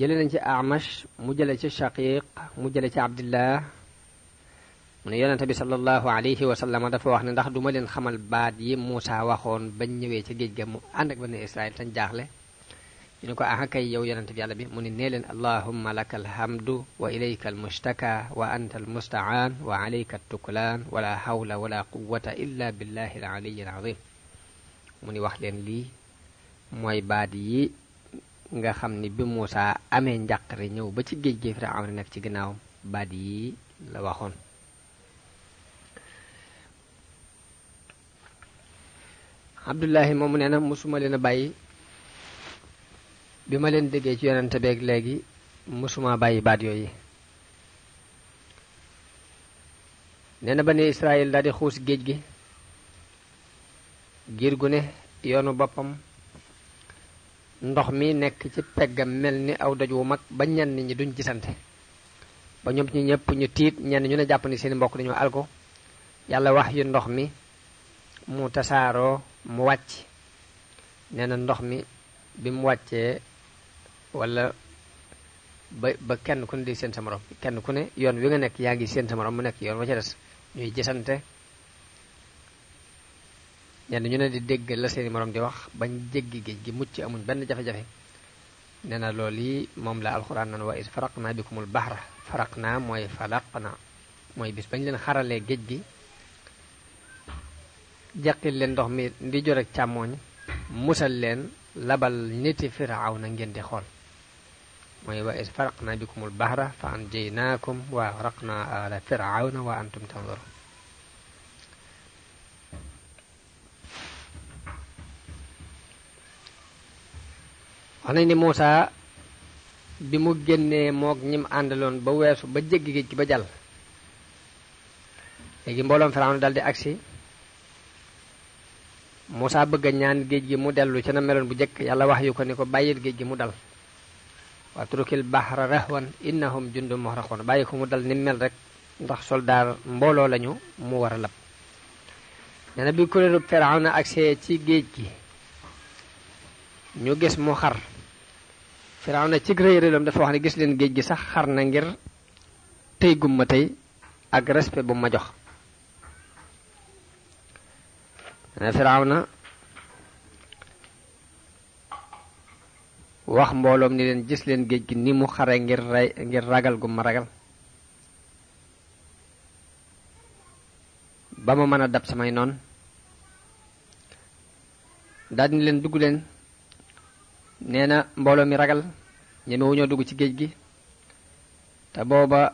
jële nañ ci amash mu jële ci shaqiq mu jële ci abdillah mu ne yonente bi sallallahu alayhi wa dafa wax ne ndax duma leen xamal baat yi Muusa waxoon bañ ñëwee ca géej ga mu ànd ak bani Israil tañ jaaxle ñu ne ko ah kay yow yonente bi yàlla bi mu ne nee leen allahumma laka alhamdu wa ilayka almushtaka wa almustaan wa altuklaan wala hawla wala quwata illa billahi alaliyi alazim mu ni wax leen lii mooy baat yi nga xam ni bi Muusaa amee njàqare ñëw ba ci géej gi Firawna nekk ci ginnaawam baat yi la waxoon Abdullahi moomu nee na mosuma leen a bàyyi bi ma leen déggee ci yonente beeg léegi mosuma bàyyi baat yooyu nee na ba ne Israël daal di xuus géej gi giir gu ne yoonu boppam ndox mi nekk ci peggam mel ni aw doj wu mag ba ñenn ñi duñ gisante ba ñoom ñi ñëpp ñu tiit ñenn ñu ne jàpp ni seen mbokk dañoo alko yàlla wax yu ndox mi mu tasaaroo mu wàcc nee na ndox mi bi mu wàccee wala ba ba kenn ku ne di seen sa morom kenn ku ne yoon wi nga nekk yaa ngi seen sa morom mu nekk yoon wa des ñuy gisante ñenn ñu ne di dégg la seeni morom di wax bañ jéggi géej gi mucc amuñ benn jafe-jafe nee na loolu yi moom la alxuraan nan wa is faraq naa bikumul bahra faraq naa mooy falaq naa mooy bis bañ leen xaralee géej gi jaqil leen ndox mi di jor ak càmmooñ musal leen labal niti firaaw na ngeen di xool mooy wa is faraq naa bikumul bahra fa anjaynaakum wa agraqnaa ala firawna wa antum tanzurun wax nañ ne Moussa bi mu génnee moog ñim àndaloon ba weesu ba jéggi géej gi ba jàll léegi mbooloom Firawna daldi agsi Moussa bëgg a ñaan géej gi mu dellu ci na meloon bu njëkk yàlla wax yu ko ni ko bàyyil géej gi mu dal watrukil bahra rahwan innahum jundum muhraqun bàyyi ko mu dal ni mel rek ndax soldaar mbooloo lañu mu war a lab nee bi kuréelu Firawna agsee ci géej gi ñu gis mu xar firaaw na ci rëy rëylam dafa wax ne gis leen géej gi sax xar na ngir tey gum ma tey ak respect bu ma jox firaaw na wax mbooloom ni leen gis leen géej gi ni mu xare ngir rey ngir ragal gum ma ragal ba ma mën a dab samay noon daal di leen dugg leen nee na mbooloo mi ragal ñemewuñoo dugg ci géej gi te booba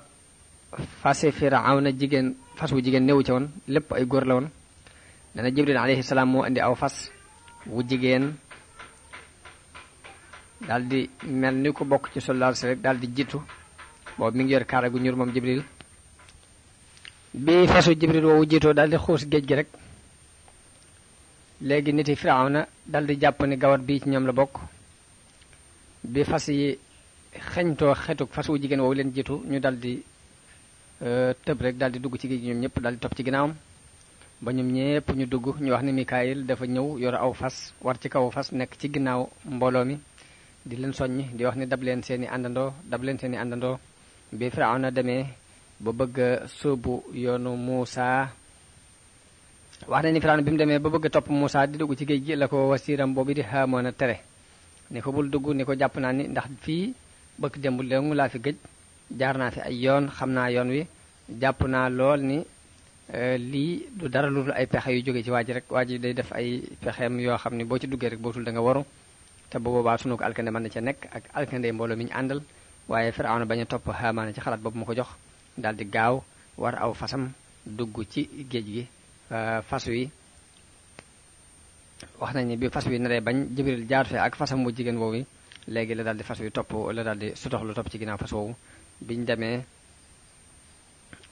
fase firawna jigéen fas wu jigéen newu ci woon lépp ay góor la woon nee na jibril alayhi moo indi aw fas wu jigéen daldi mel ni ko bokk ci soldaar si rek daal di jiitu boobu mi ngi yor kaara gu ñuur moom jibril bi fasu jibril woowu jiitoo daal di xuus géej gi rek léegi nit yi firawna daal di jàpp ni gawar bi ci ñoom la bokk bi fas yi xeñtoo xetuk fas wu jigéen woowu leen jiitu ñu dal di euh, tëb rek daal di dugg ci géej gi ñoom ñëpp daal di topp ci ginnaawam ba ñoom ñëpp ñu dugg ñu wax ne Mikaayil dafa ñëw yor aw fas war ci kaw fas nekk ci ginnaaw mbooloo mi di leen soññ di wax ni dab leen seeni àndandoo dab leen seen i àndandoo bi Firawna demee ba bëgg sóobu yoonu muusaa wax na ni Firawna bi mu demee ba bëgg topp Muusa di dugg ci géej gi la ko wasiiram boobu di Haamoona tere ni ko bul dugg ni ko jàpp naa ni ndax fii bëkk démb léegi laa fi gëj jaar naa fi ay yoon xam naa yoon wi jàpp naa lool ni euh, lii du dara lu ay pexe yu jóge ci waaj ji rek waa ji day def ay pexeem yoo xam ni boo ci duggee rek bootul da nga waru te bu boobaa sunu ko alkande mën na ca nekk ak alkande mbooloo mi ñu àndal waaye Firawna bañ a topp Haamaana ci xalaat boobu ma ko jox daal di gaaw war aw fasam dugg ci géej gi euh, fas wi wax nañ ne bi fas wi naree bañ Jibril jaar fee ak fasam wu jigéen woowu léegi la daal di fas wi topp la daal di sutox lu topp ci ginnaaw fas woowu biñ demee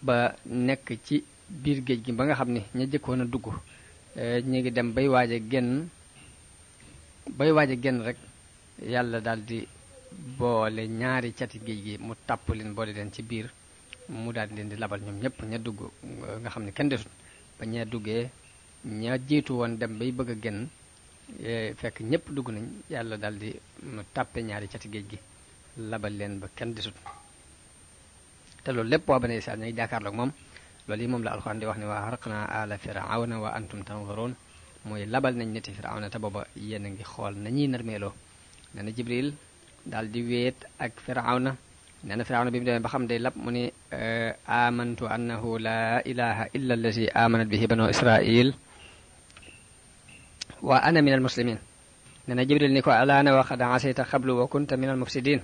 ba nekk ci biir géej gi ba nga xam ni ña jëkkoon a dugg eh, ñu ngi dem bay waaj génn bay waaj a génn rek yàlla daal di boole ñaari cati géej gi mu tàpp leen boole leen ci biir mu daal di leen di labal ñoom ñëpp ña dugg nga xam ne kenn desul ba ña duggee ñaa jiitu woon dem bay bëgg a génn e, fekk ñëpp dugg nañ yàlla daal di tàppe ñaari cat géej gi labal leen ba kenn desut te lool lépp waa bani Israel ñu ngi jàkkaarloog moom lool yi moom la alxuraan di wax ne waa xaraqnaa aala firawna wa antum tanzuruun labal nañ niti firawna yéen a ngi xool nañuy narmeeloo nee na jibril daal di wéet ak firawna nee na firawna bi mu demee ba xam day lab mu ni e, amantu annahu laa ilaha illa allazi amanat bihi banu israil wa ana min al muslimin nee na jibril ni ko alaana wa xad asayta xablu wa kunta min al mufsidin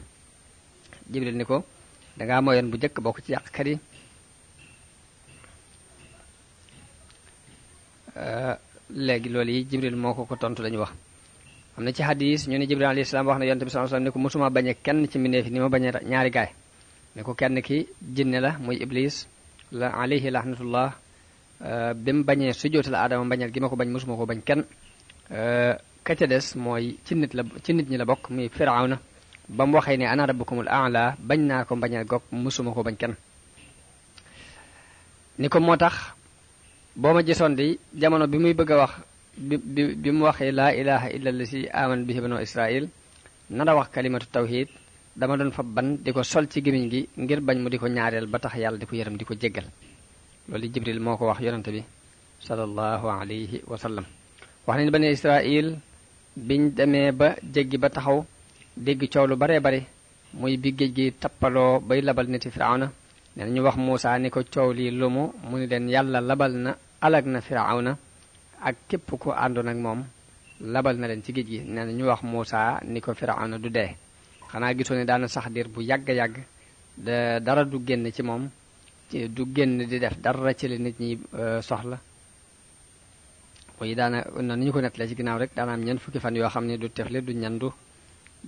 jibril ni ko dangaa mooyoon bu njëkk bokk ci yàq yi euh, léegi loolu yi jibril moo ko ko tontu lañu wax am na ci hadis ñu ne jibril alayhi salaam wax na yonte bi sallallahu alayhi wasallam ne ko mosuma bañe kenn ci mbindeef ni ma bañe ñaari gaay ne ko kenn ki jinne la muy iblis la alayhi lahnatullah euh, bi mu bañee sujjóotal aadama bañal gi ma ko bañ mosuma ko bañ kenn Euh, ka ca des mooy ci nit la ci nit ñi la bokk muy firawna ba mu waxee ne ana rabbukumul a'la bañ naa ko bañ a gog musuma ko bañ kenn ni ko moo tax boo ma jesoon di jamono bi muy bëgg a wax bi bi mu waxee laa ilaha illa allazi aman bihi banu israil nara wax kalimatu tawhid dama doon fa ban di ko sol ci gémiñ gi ngir bañ mu di ko ñaareel ba tax yàlla di ko yërëm di ko jéggal loolu jibril moo ko wax yonante bi sallallahu alayhi wa wax nañu bani Israil biñ demee ba jéggi ba taxaw dégg coow lu baree bari muy bi géej gi tappaloo bay labal niti firawna nee ñu wax Muusaa ni ko coow lii lumu mu ni leen yàlla labal na alag na firawna ak képp ko àndoon ak moom labal na leen ci géej gi nee ñu wax Muusaa ni ko firawna du dee xanaa gisoo ne daana sax diir bu yàgg yàgg dara du génn ci moom du génn di def dara ci nit ñi euh, soxla yi daana na ñu ko nettalee ci ginnaaw rek daana am ñeent fukki fan yoo xam ne du tefli du ñandu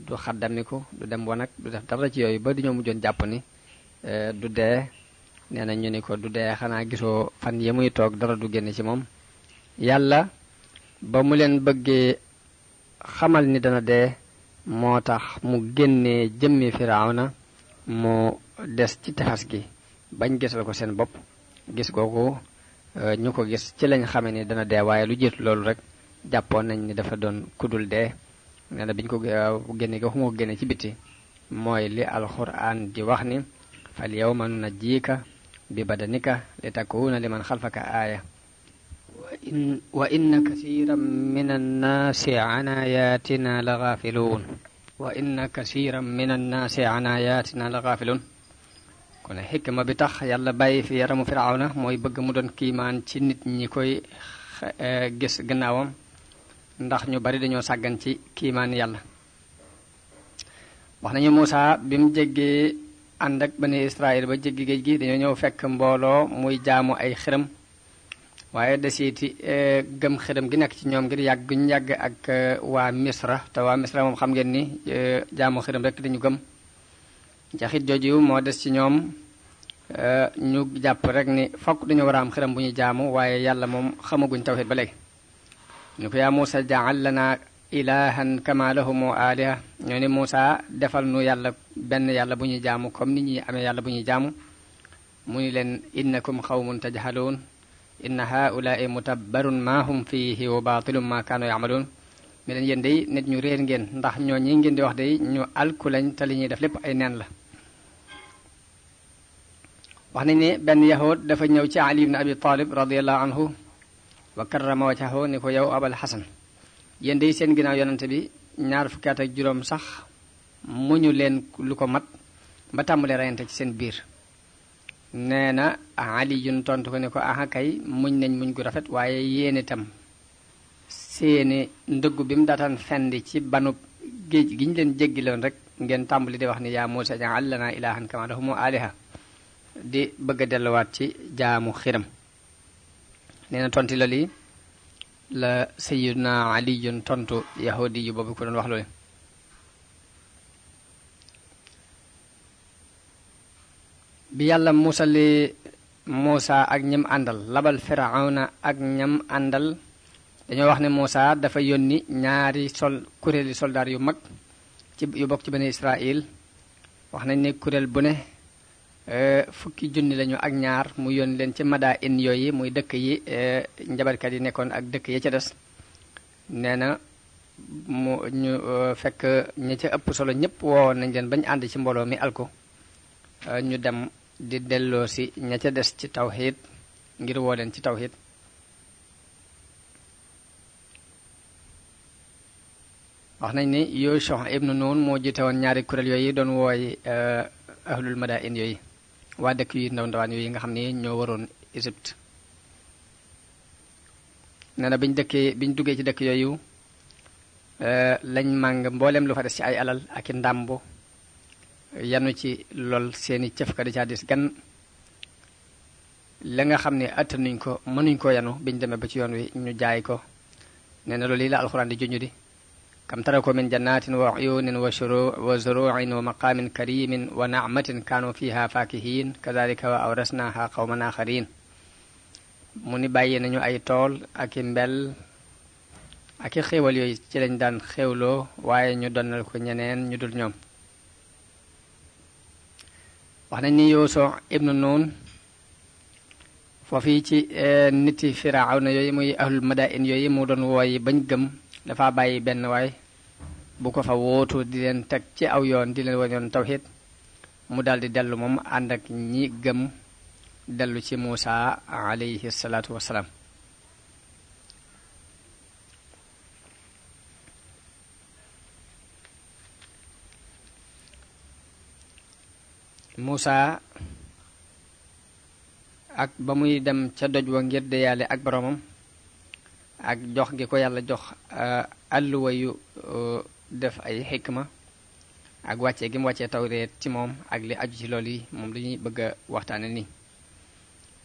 du xaddamiku du dem wanag du def dara ci yooyu ba du di mu mujjoon jàpp ni euh, du dee nee na ñu ni ko du dee xanaa gisoo fan yi muy toog dara du génne ci moom yàlla ba mu leen bëggee xamal ni dana dee moo tax mu génnee jëmmi na mu des ci tefas gi bañ gisal ko seen bopp gis googu Euh, ñu ko gis ci lañ xamee ni dana dee waaye lu jiitu loolu rek jàppoon nañ ni dafa doon kudul dee nee na bi ñu ko euh, génne ga xuma ko génne ci biti mooy li alxuraan di wax ni fal yawma nunajjiika bi badanika li takuuna man xalfaka aaya wa inna kasiran min annaasi an ayatina la gaafiluun kon xikma bi tax yàlla bàyyi fi yaramu firaaw firawna mooy bëgg mu doon kiimaan ci nit ñi koy e, gis gannaawam ndax ñu bari dañoo sàggan ci kiimaan yàlla wax nañu Muusa bi mu jéggee ànd ak bani Israël ba jéggi géej gi dañoo ñëw fekk mbooloo muy jaamu ay xërëm waaye desiiti e, gëm xërëm gi nekk ci ñoom ngir yàgg ñu yàgg ak e, waa Misra te waa Misra moom xam ngeen ni jaamu xërëm rek dañu gëm jaxit jooju moo des ci ñoom eh, ñu jàpp rek ni fokk dañu war am xiram bu ñuy jaamu waaye yàlla moom xamaguñ tawxid ba léegi ñu ko yaa Muusa jaal lana ilahan kama lahumu aliha ñoo ni Muusa defal nu yàlla benn yàlla bu ñuy jaamu comme nit ñi amee yàlla bu ñuy jaamu mu ni leen innakum xawmun tajhaluun inna haulaai mutabbarun ma hum fiihi wa baatilum ma kaanu yamaluun mi leen yéen day nit ñu réer ngeen ndax ñoo ñi ngeen di wax day ñu alku lañ li ñuy def lépp ay neen la wax nañ ne benn yahud dafa ñëw ci ali ibn abi talib radiallahu anhu wa karrama ni ko yow abal xasan yéen day seen ginnaaw yonante bi ñaar fukki at ak juróom sax muñu leen lu ko mat ba tàmbalee rayante ci seen biir nee na ali yun tontu ko ne ko aha kay muñ nañ muñ gu rafet waaye yéen itam seeni ndëggu bi mu daataan di ci banub géej gi ñu leen jéggiloon rek ngeen tàmbali di wax ni yaa muusa ja'al lanaa ilaahan kamaa lahumu di bëgg a delluwaat ci jaamu xiram nee na tonti la lii na sayyiduna aliyun tontu yahudi yu boobu ko doon wax loole bi yàlla musali Muusa ak ñam àndal labal firawna ak ñam àndal dañoo wax ne Muusa dafa yónni ñaari sol kuréeli soldaar yu mag ci yu bokk ci bani Israil wax nañ ne kuréel bu ne Eh, fukki junni lañu ak ñaar mu yónni leen ci mada in yooyu muy dëkk yi eh, njabarkat yi nekkoon ak dëkk ya ca des nee na mu ñu eh, fekk ñi ca ëpp solo ñëpp woowoon nañ leen bañ ànd ci mbooloo mi alko ñu dem di delloo si ña ca des ci tawxiid ngir woo leen ci tawxiid wax nañ ni Yuushua ibnu Nuun moo jiite woon ñaari kuréel yooyu doon wooy ahlul madain yooyu waa dëkk yu ndaw ndawaan yooyu nga xam ne ñoo waroon Égypte nee na biñ dëkkee biñ duggee ci dëkk yooyu euh, lañ màng mbooleem lu fa des ci ay alal ak i ndàmbo yanu ci lool seeni cëf ka di caa des gan la nga xam ni ne attanuñ ko mënuñ koo yanu biñ demee ba ci yoon wi ñu jaay ko nee na loolu yi la alxuraan di juñu di كم تركوا من جنات وعيون وشروع وزروع ومقام كريم ونعمة كانوا فيها فاكهين كذلك وأورثناها قوما آخرين mu ni bàyyi nañu ay tool ak i mbel ak i xéewal yooyu ci lañ daan xéewloo waaye ñu donnal ko ñeneen ñu dul ñoom wax nañ Yuusu ibnu Nuun foofii ci eh, niti Firawna yooyu muy ahlul madain yooyu mu doon wooyi bañ gëm dafa bàyyi benn waay bu ko fa wootu di leen teg ci aw yoon di leen wañoon tawxid mu daldi dellu moom ànd ak ñi gëm dellu ci Muusa alayhi salaatu ak ba muy dem ca doj wa ngir ak boromam ak jox gi ko yàlla jox euh, àlluwa euh, def ay xikma ak wàccee gi mu wàccee tawreet ci moom ak li aju ci loolu yi moom dañuy bëgg a waxtaan nii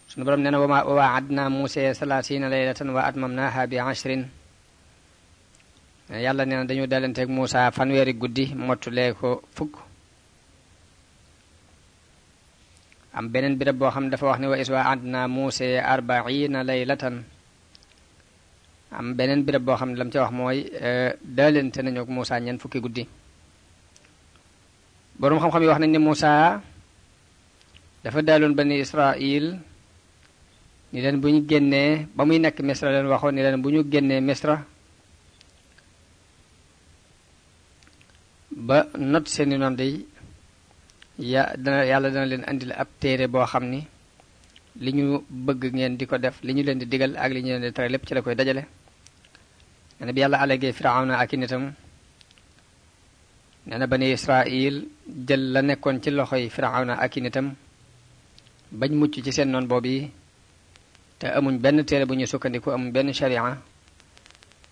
sunu borom nee na wama waadna Musa salaasina laylatan wa atmamnaha yàlla nee na dañu dalanteeg Musa fanweeri guddi mottulee ko fukk am beneen birab boo xam dafa wax ne wa is waadna Musa arbaina laylatan am beneen béréb boo xam ne lam ca wax mooy euh, daalente nañu ak Moussa ñeent fukki guddi boroom xam-xam yi wax nañ ne Moussa dafa daaloon bani Israil ni leen bu ñu génnee ba muy nekk Misra leen waxoon ni leen bu ñu génnee Misra ba not seeni noon day ya dana yàlla dana leen andil ab téere boo xam ni li ñu bëgg ngeen di ko def li ñu leen di digal ak li ñu leen di tere lépp ci la koy dajale nee na bi yàlla alagee firawna ak i nitam nee bani israil jël la nekkoon ci loxo yi firawna ak i nitam bañ mucc ci seen noon boobu yi te amuñ benn téere bu ñuy sukkandiku amuñ benn sharia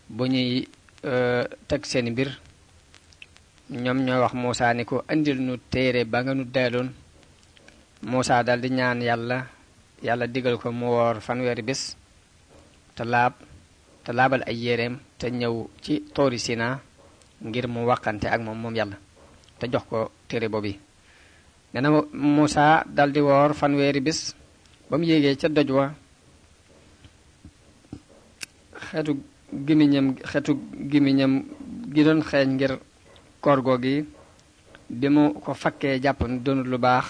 bu ñuy euh, teg seeni mbir ñoom ñoo wax Moussa ni ko indil nu téere ba nga nu dayaloon Moussa daal ñaan yàlla yàlla digal ko mu woor fanweeri bés te laab te laabal ay yéreem te ñëw ci toori ngir mu waxante ak moom moom yàlla te jox ko téere bi yi nee na Moussa daldi woor fanweeri bés ba mu yéegee ca doj wa xeetu gimiñam xeetu gimiñam gi doon xeeñ ngir koor googi bi mu ko fakkee jàpp doonut lu baax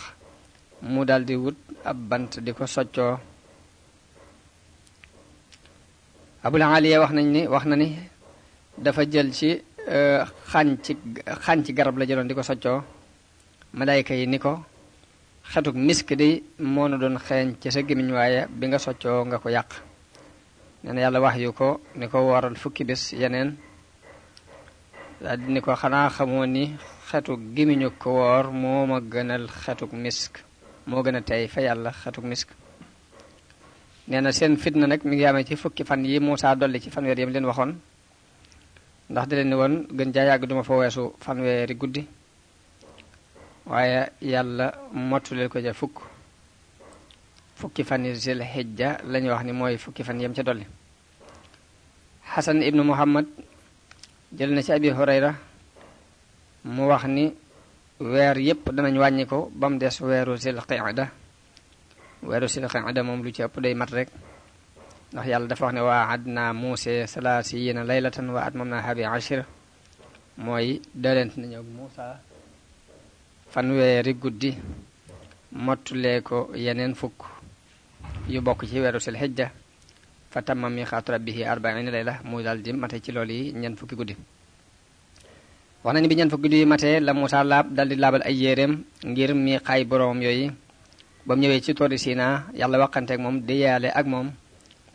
mu daldi wut ab bant di ko soccoo abul aliya wax nañ ni wax na ni dafa jël ci euh, xañ ci ci garab la jëloon di ko soccoo malaayka yi ni ko xetuk misk de moo na doon xeeñ ci sa gémmiñ waaye bi nga soccoo nga ko yàq nee yàlla wax yu ko ni ko waral fukki bés yeneen daal di ni ko xanaa xamoo ni xetuk gémmiñu ko woor moo ma gënal xetuk misk moo gën a tey fa yàlla xetuk misk neena seen fitna nag mi ngi amee ci fukki fan yi Moussa dolli ci fanweer yam leen waxoon ndax di ni woon gën jaa yàgg duma fa weesu fanweeri guddi waaye yàlla mottuleel ko ca fukk fukki fan yi zil hijja la wax ni mooy fukki fan yem ca dolli xasan ibnu muhammad jël na ci abi hurayra mu wax ni weer yépp danañ wàññi ko ba mu des weeru zil qida weeru silxaada moom lu ci ëpp day mat rek ndax yàlla dafa wax ne waa adna muuse salaasiina laylatan wa atmamna habi ashir mooy dëlent nañu ak Muusa fanweeri guddi mottulee ko yeneen fukk yu bokk ci weeru sil xijja fa tamma miqaatu rabbihi arbaina layla mu daal di mate ci lool yi ñeent fukki guddi wax nañu bi ñeent fukki guddi yi matee la Muusa laab dal di laabal ay yéreem ngir miqaay boroom yooyu ba mu ñëwee ci toori Sina yàlla waxanteeg moom diyaale ak moom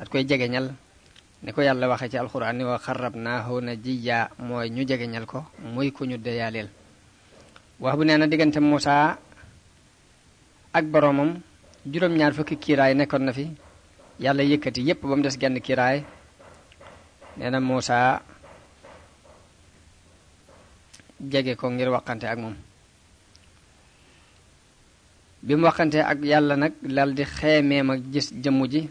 at koy jegeñal ni ko yàlla waxee ci alxuraan ni wa xarrabnaahu najiyya mooy ñu jegeñal ko muy ku ñu deyaaleel wax bu nee na diggante Muusaa ak boroomam juróom-ñaar fukki kiiraay nekkoon na fi yàlla yëkkati yépp ba mu des genn kiiraay nee na Muusaa jege ko ngir waxante ak moom bi mu waxante ak yàlla nag dal di xeemeem ak gis jëmm ji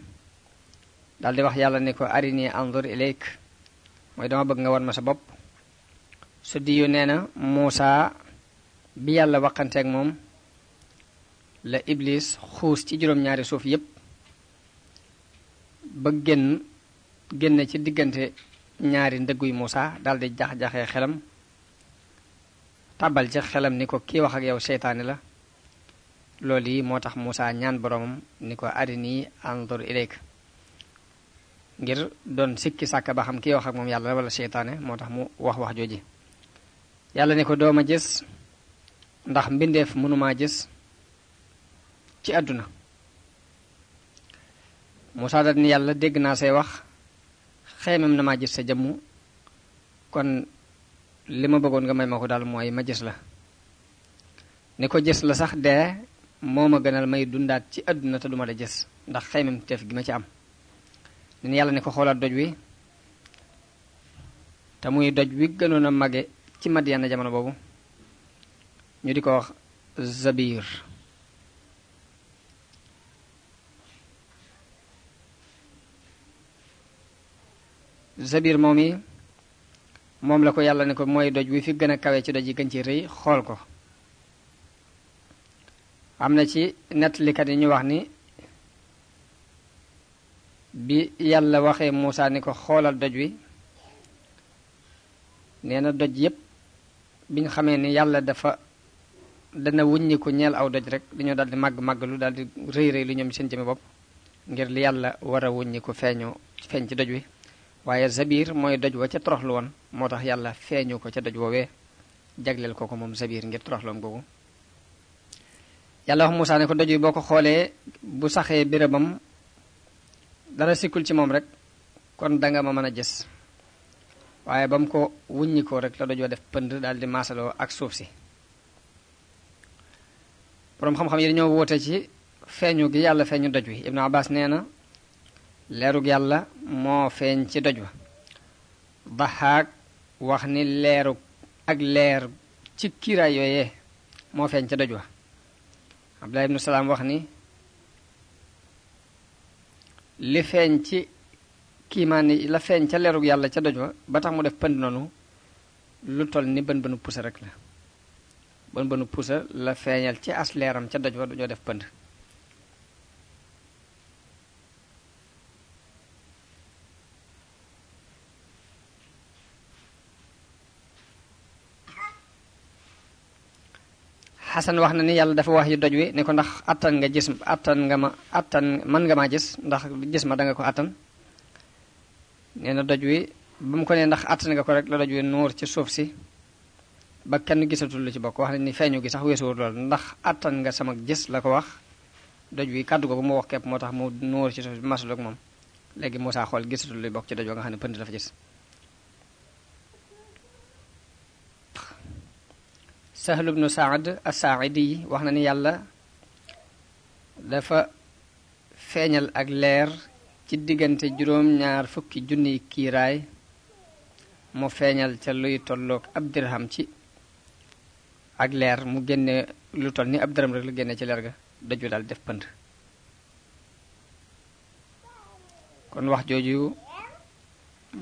dal di wax yàlla ne ko arini anzur ilayk mooy dama bëgg nga wan ma sa bopp su di yu nee na Muusaa bi yàlla waxante ak moom la Iblis xuus ci juróom-ñaari suuf yépp ba génn génn ci diggante ñaari ndëggu Muusaa dal di jax-jaxee xelam tàbbal ci xelam ni ko kiy wax ak yow seytaane la loolu yi moo tax Muusaa ñaan boroomam ni ko arinii anzur ilayka ngir doon sikki sàkk ba xam kii wax ak moom yàlla la wala seytaane moo tax mu wax wax jooji yàlla ni ko dooma gis ndax mbindeef mënumaa gis ci àdduna Muusaa dal ni yàlla dégg naa say wax xeymam na ma gis sa jëmm kon li ma bëggoon nga may ma ko daal mooy ma gis la ni ko gis la sax dee moo ma gënal may dundaat ci àdduna te duma la jës ndax xaymam teef gi ma ci am nen yàlla ne ko xoolaat doj wi te muy doj wi gënoon a mage ci Madiyana jamono boobu ñu di ko wax Zabir Zabir moom yi moom la ko yàlla ne ko mooy doj wi fi gën a kawe ci doj yi gën ci rëy xool ko am na ci nettalikat yi ñu wax ni bi yàlla waxee Muusaa ni ko xoolal doj wi nee na doj yépp bi biñ xamee ni yàlla dafa dana wuññiku ñeel aw doj rek dañoo daldi màgg màgg lu daldi rëy rëy li ñoom seen jëme bopp ngir li yàlla war a wuññiku feeñoo feeñ ci doj wi waaye zabir mooy doj wa ca toroxlu woon moo tax yàlla feeñu ko ca doj woowee jagleel ko ko moom zabir ngir toroxloom googu yàlla wax Moussa ne ko doj yi boo ko xoolee bu saxee bérébam dara sikkul ci moom rek kon danga ma mën a gis waaye ba mu ko wuññi ko rek la dojoo def pënd daal di maasaloo ak suuf si boroom xam-xam yi dañoo woote ci feeñu gi yàlla feeñu doj wi Ibnu Abbas nee na leerug yàlla moo feeñ ci doj wa daxaak wax ni leerug ak leer ci kiiraay yooyee moo feeñ ci doj wa abdullah ibnu salaam wax ni li feeñ ci kiimaan ni la feeñ ca leerug yàlla ca doj wa ba tax mu def pënd noonu lu toll ni bën bënu pusa rek la bën bënu pusa la feeñal ci as leeram ca doj wa dañoo def pënd xasan wax na ni yàlla dafa wax yi doj wi ni ko ndax attan nga gis àttan nga ma àttan man nga maa gis ndax gis ma da nga ko àttan nee na doj wi ba mu ko nee ndax attan nga ko rek la doj wi nuur ci suuf si ba kenn gisatul lu ci bokk wax na ni feeñu gi sax weesuwul lool ndax attan nga sama gis la ko wax doj wi kàddu googu mu wax képp moo tax mu nuur ci suuf si masul ak moom léegi Moussa xool gisatul lu bokk ci doj wa nga xam ne pënd dafa jis sahlu bnu saad asaaidi yi wax na ni yàlla dafa feeñal ak leer ci diggante juróom-ñaar fukki junniy kiiraay mu feeñal ca luy tolloog ab dirham ci ak leer mu génne lu toll ni ab dërëm rek lu génne ci leer ga daju daal def pënd kon wax jooju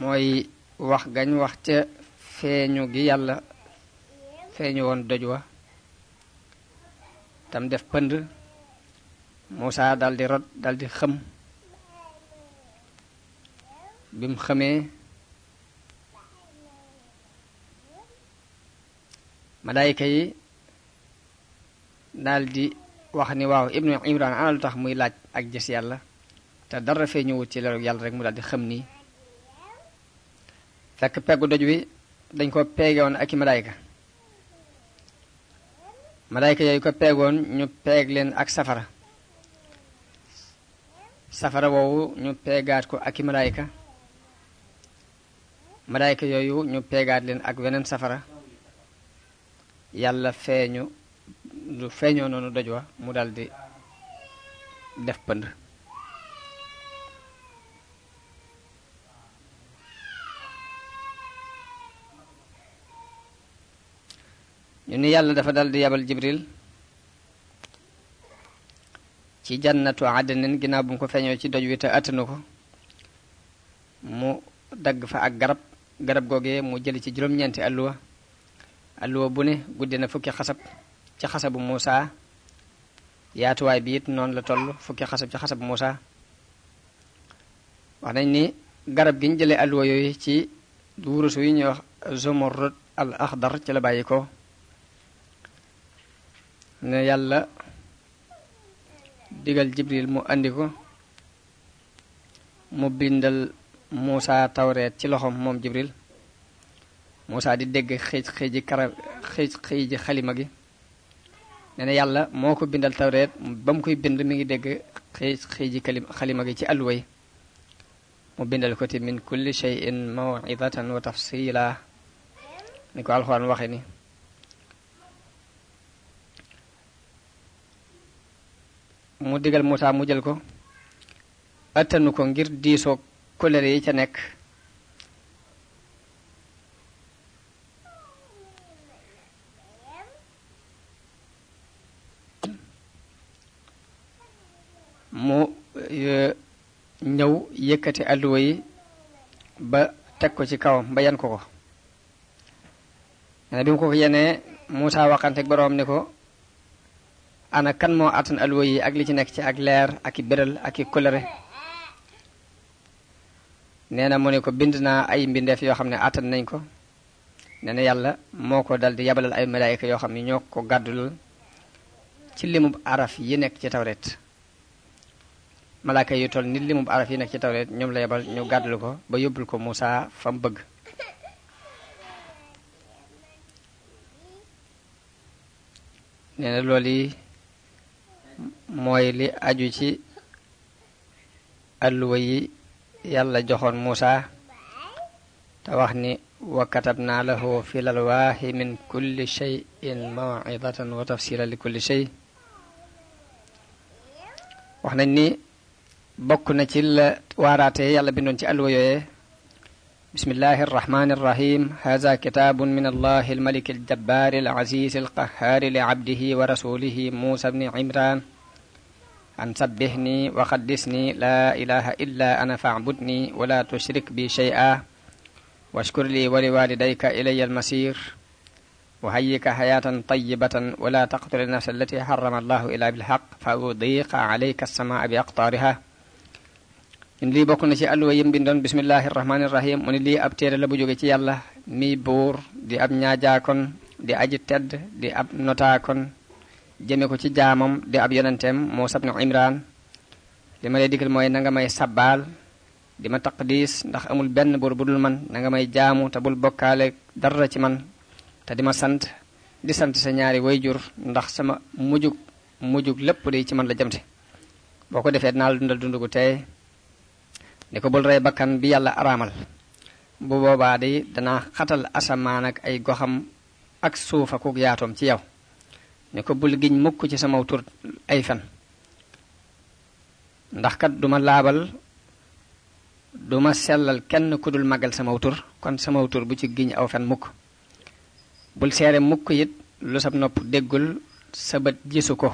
mooy wax gañ wax ca feeñu gi yàlla feeñu ñëwoon doj wa tam def pënd Moussa daldi rot daldi xëm bim xamee malaayika yi daldi wax ni waaw ibnu imran ana lu tax muy laaj ak gis yàlla te dara feeñu wut ci leeru yàlla rek mu daldi xëm nii fekk peggu doj wi dañ ko peegewoon ak i malaayika malaayka yooyu ko peegoon ñu peeg leen ak safara safara woowu ñu peegaat ko ak i malayka malaayka yooyu ñu peegaat leen ak weneen safara yàlla feeñu lu feeñoo noonu doj wa mu daldi def pënd ñu ni yàlla dafa dal di yabal jibril ci jannatu adnin ginnaaw bu mu ko feeñoo ci doj wi te attanu ko mu dagg fa ak garab garab googee mu jëli ci juróom-ñeenti alluwa alluwa bu ne guddi na fukki xasab ci xasabu Muusa yaatuwaay bi it noonu la toll fukki xasab ci xasabu Muusa wax nañ ni garab gi ñu jëlee alluwa yooyu ci wurusu yi ñuy wax zumurrud al axdar ci la bàyyi ko ne yàlla digal jibril mu andi ko mu bindal Muusa tawreet ci loxoom moom jibril Muusa di dégg xëj xëji kara xëj xëji xalima gi nee na yàlla moo ko bindal tawreet ba mu koy bind mi ngi dégg xëj xëji xalima gi ci alluwa mu bindal ko te min kulli shay'in maw'izatan wa tafsila ni ko alxuraan waxe mu digal Moussa mu jël ko attanu ko ngir diisoo kolere yi ca nekk mu e, ñëw yëkkati alluwa yi ba teg ko ci kawam ba yan ko ko ne bi mu ko ko yenee Moussa waxante ak ni ko ana kan moo attan alwa yi ak li ci nekk ci ak leer ak i béral ak i coloré nee na mu ne ko bind naa ay mbindeef yoo xam ne attan nañ ko nee na yàlla moo ko dal di yabalal ay malaayika yoo xam ne ñoo ko gàddulal ci limub araf yi nekk ci tawret malaaka yu toll nit limub araf yi nekk ci tawret ñoom la yebal ñu gàddul ko ba yóbbul ko Moussa fa mu bëgg nee na yi mooy li aju ci alluwa yi joxoon Muusaa te wax ni wa katabnaa lahu fil alwaahi min kulli shay'in maw'izatan wa tafsilan li kulli shay wax nañ ni bokk na ci la waaraatee yàlla bindoon ci alluwa yooyee li abdihi wa rasulihi muusa bni an sabbihni wa qaddisni laa ilaha illa ana fa'budni wa la tushrik bi shay'a washkur li wa liwalidayka ilayya almasir wa hayyika hayatan tayyibatan wa la taqtuli nafsa allati harrama allahu illa bilhaq fa udiqa alayka alsamaa bi aqtaariha in lii bokk na ci àlluwa yim bindoon bismillahi irrahmani irrahim mu ni lii ab téere la bu jóge ci yàlla miy buur di ab ñaajaakon di aji tedd di ab notaakon jëme ko ci jaamam di ab yonenteem Muusaa ibnu Imraan li ma lay digal mooy na nga may sabbaal di ma diis ndax amul benn buur bu dul man na nga may jaamu te bul bokkaale dara ci man te di ma sant di sant sa ñaari jur ndax sama mujjug mujjug lépp day ci man la jëmte boo ko defee naa dundal dund gu tey ni ko bul rey bakkan bi yàlla araamal bu boobaa day danaa xatal asamaan ak ay goxam ak suufa ku yaatoom ci yow ne ko bul giñ mukk ci sama tur ay fen ndax kat duma laabal duma sellal kenn ku dul magal sama tur kon sama tur bu ci giñ aw fen mukk bul seere mukk it lu sab nopp déggul sa bët gisu ko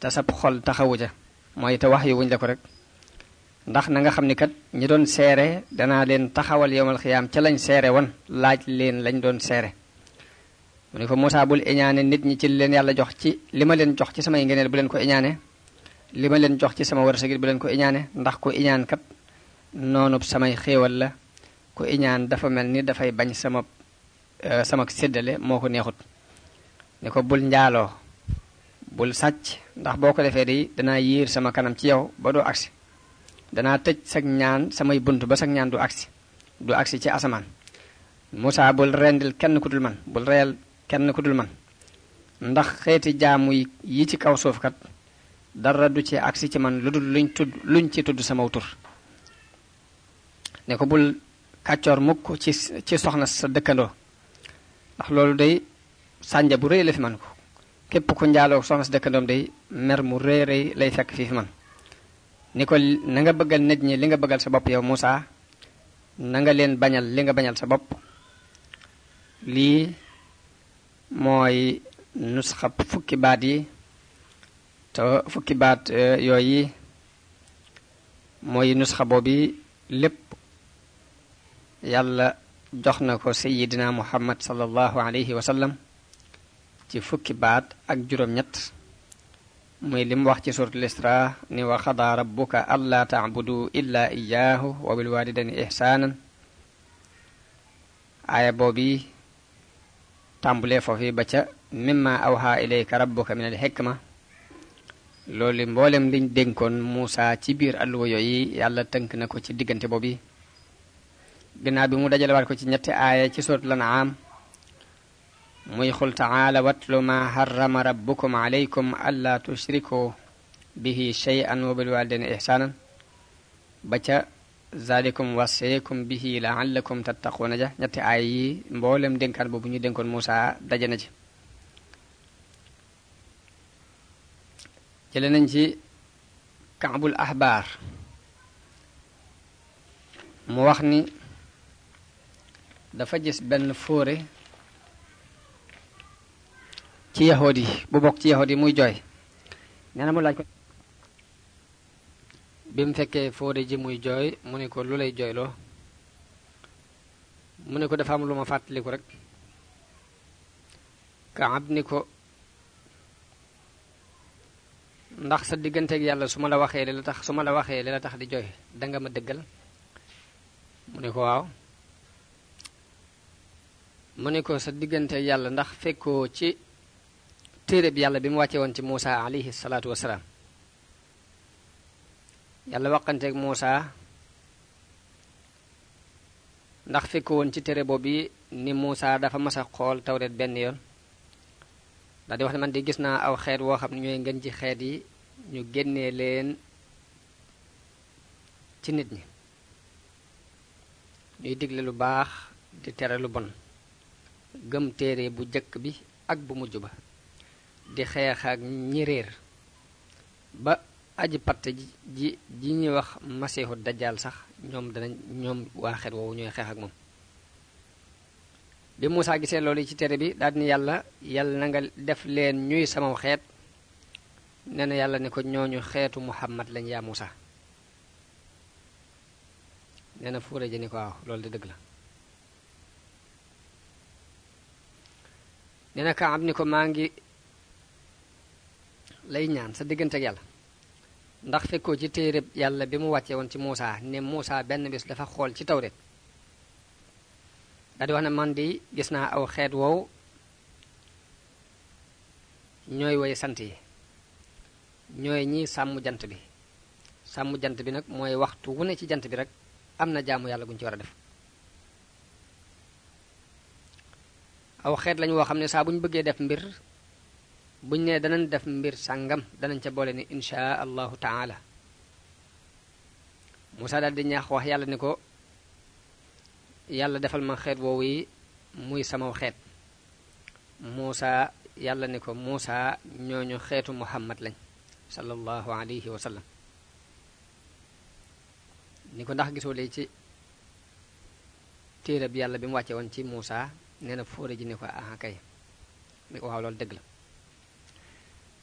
te sab xol taxawu ja mooy te wax yu wuñ la ko rek ndax na nga xam ni kat ñi doon seere danaa leen taxawal yowmal xiyaam ca lañ seere woon laaj leen lañ doon seere mu ne ko Moussa bul iñaane nit ñi ci leen yàlla jox ci li ma leen jox ci samay ngeneel bu leen ko iñaane li ma leen jox ci sama wërsëg bu leen ko iñaane ndax ku iñaan kat noonu samay xéewal la ku iñaan dafa mel ni dafay bañ sama euh, sama séddale moo ko neexut ne ko bul njaaloo bul sàcc ndax boo ko defee di danaa yiir sama kanam ci yow ba doo agsi danaa tëj sag ñaan samay bunt ba sag ñaan du agsi du agsi ci asamaan Moussa bul rendil kenn ku dul man kenn ku dul man ndax xeeti jaamu yi ci kaw suuf kat dara du ci agsi ci man lu dul luñ tudd luñ ci tudd sama tur ne ko bul kàccoor mukk ci ci soxna sa dëkkandoo ndax loolu day sànja bu rëy la fi man ko képp ku njaaloo soxna sa dëkkandoom day mer mu rëy rëy lay fekk fii fi man ni ko na nga bëggal nit ñi li nga bëggal sa bopp yow Moussa nanga leen bañal li nga bañal sa bopp lii mooy nusxab fukki baat yi e, mooy nusxa boobu lépp yàlla jox na ko sayidina muhammad sallallahu alayhi wa sallam ci fukki baat ak juróom-ñett muy li mu wax ci suratul isra ni wa rabbuka allaa taabudu illaa iyaahu wa bilwaalidani ihsaanan aaya boobu tàmbulee foofu ba ca mimma awha ilayka rabbuka min al hikma loolu mboolem liñ dénkoon Muusa ci biir alluwa yooyu yàlla tënk na ko ci diggante boobu ginnaaw bi mu dajalewaat ko ci ñetti aaya ci sóotu lanaam muy xul taala watlu ma harrama rabbukum alaykum alla tushriku bihi shay'an wa bil walidayni ihsanan ba bi zaalikum waseekum bihi laallakum tattaquuna ja ñetti aay yi mbooleem dénkaan boobu ñu dénkoon Muusa daje na ci jële nañ ci kaabul ahbaar mu wax ni dafa gis benn fóore ci yahood yi bu bokk ci yahood yi muy jooy nee mu laaj ko bi mu fekkee Fodé ji muy jooy mu ne ko lu lay jooyloo mu ne ko dafa am lu ma fàttaliku rek am ni ko ndax sa digganteeg yàlla su ma la waxee li la tax su ma la waxee li la tax di jooy danga ma dëggal mu ne ko waaw mu ne ko sa digganteeg yàlla ndax fekkoo ci bi yàlla bi mu wàcce woon ci Muusa alayhi salaatu wasalaam yàlla waxanteeg Muusa ndax fekk woon ci tere boobu bi ni Muusa dafa mas a xool tawret benn yoon daal di wax ne man di gis naa aw xeet woo xam ne ñooy ngën ci xeet yi ñu génnee leen ci nit ñi ñuy digle lu baax di tere lu bon gëm téere bu jëkk bi ak bu mujj ba di xeex ak ñi réer ba aji patt ji ji ji ñuy wax masiixu dajal sax ñoom danañ ñoom waa xet woowu ñooy xeex ak moom bi Moussa gisee loolu ci tere bi daal yàlla yàlla na nga def leen ñuy sama xeet nee na yàlla ne ko ñooñu xeetu Muhammad lañ yaa Moussa nee na fuure ji ni ko waaw loolu de dëgg la nee na Kaab ni ko maa ngi lay ñaan sa diggante ak yàlla ndax fekkoo ci téere yàlla bi mu wàccee woon ci Muusaa ne Muusaa benn bis dafa xool ci tawret daa di wax ne man di gis naa aw xeet woow ñooy woy sant yi ñooy ñi sàmm jant bi sàmm jant bi nag mooy waxtu wu ne ci jant bi rek am na jaamu yàlla guñ ci war a def aw xeet lañu woo xam ne saa bu ñu bëggee def mbir buñ ne danañ def mbir sàngam danañ ca boole ni inchaa allahu taala Moussa daal di ñaax wax yàlla ni ko yàlla defal ma xeet woowu yi muy samaw xeet Moussa yàlla ni ko Moussa ñooñu xeetu Muhammad lañ sallallahu alayhi wa sallam ni ko ndax gisoo léegi ci téerab yàlla bi mu wàccee woon ci Moussa nee na fóore ji ni ko ah kay ni ko waaw loolu dëgg la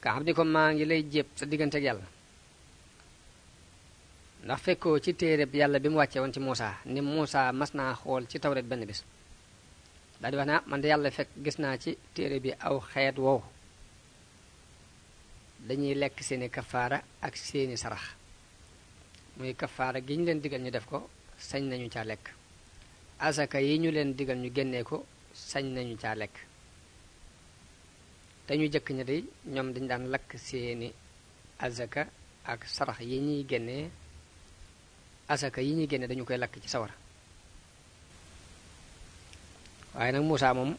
kaam ni ko maa ngi lay jépp sa diggante ak yàlla ndax fekkoo ci téere bi yàlla bi mu wàccee woon ci Muusaa ni Muusaa mas naa xool ci tawret benn bis daal di wax naa ah, man de yàlla fekk gis naa ci téere bi aw xeet wow dañuy lekk seeni kafaara ak seeni sarax muy kafaara gi ñu leen digal ñu def ko sañ nañu caa lekk asaka yi ñu leen digal ñu génnee ko sañ nañu caa lekk te ñu jëkk ña day ñoom dañ daan lakk seeni azaka ak sarax yi ñuy génnee azaka yi ñuy génne dañu koy lakk ci sawara waaye nag Muusaa moom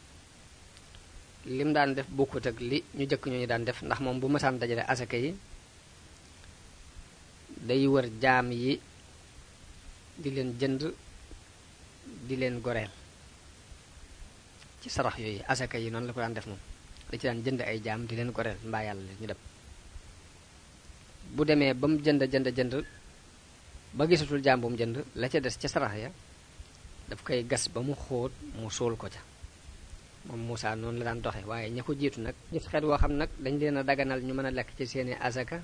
lim daan def bokkut ak li ñu jëkk ñooñu daan def ndax moom bu mësaan dajale azaka yi day wër jaam yi di leen jënd di leen goreel ci sarax yooyu azaka yi noonu la ko daan def moom da ci daan jënd ay jaam di leen ko reel mbaa yàlla la ñu dem bu demee ba mu jënd jënd jënd ba gisatul jaam bu mu jënd la ca des ca sarax ya daf koy gas ba mu xoot mu suul ko ca moom Moussa noonu la daan doxe waaye ña ko jiitu nag gis xeet woo xam nag dañ leen a daganal ñu mën a lekk ci seeni azaka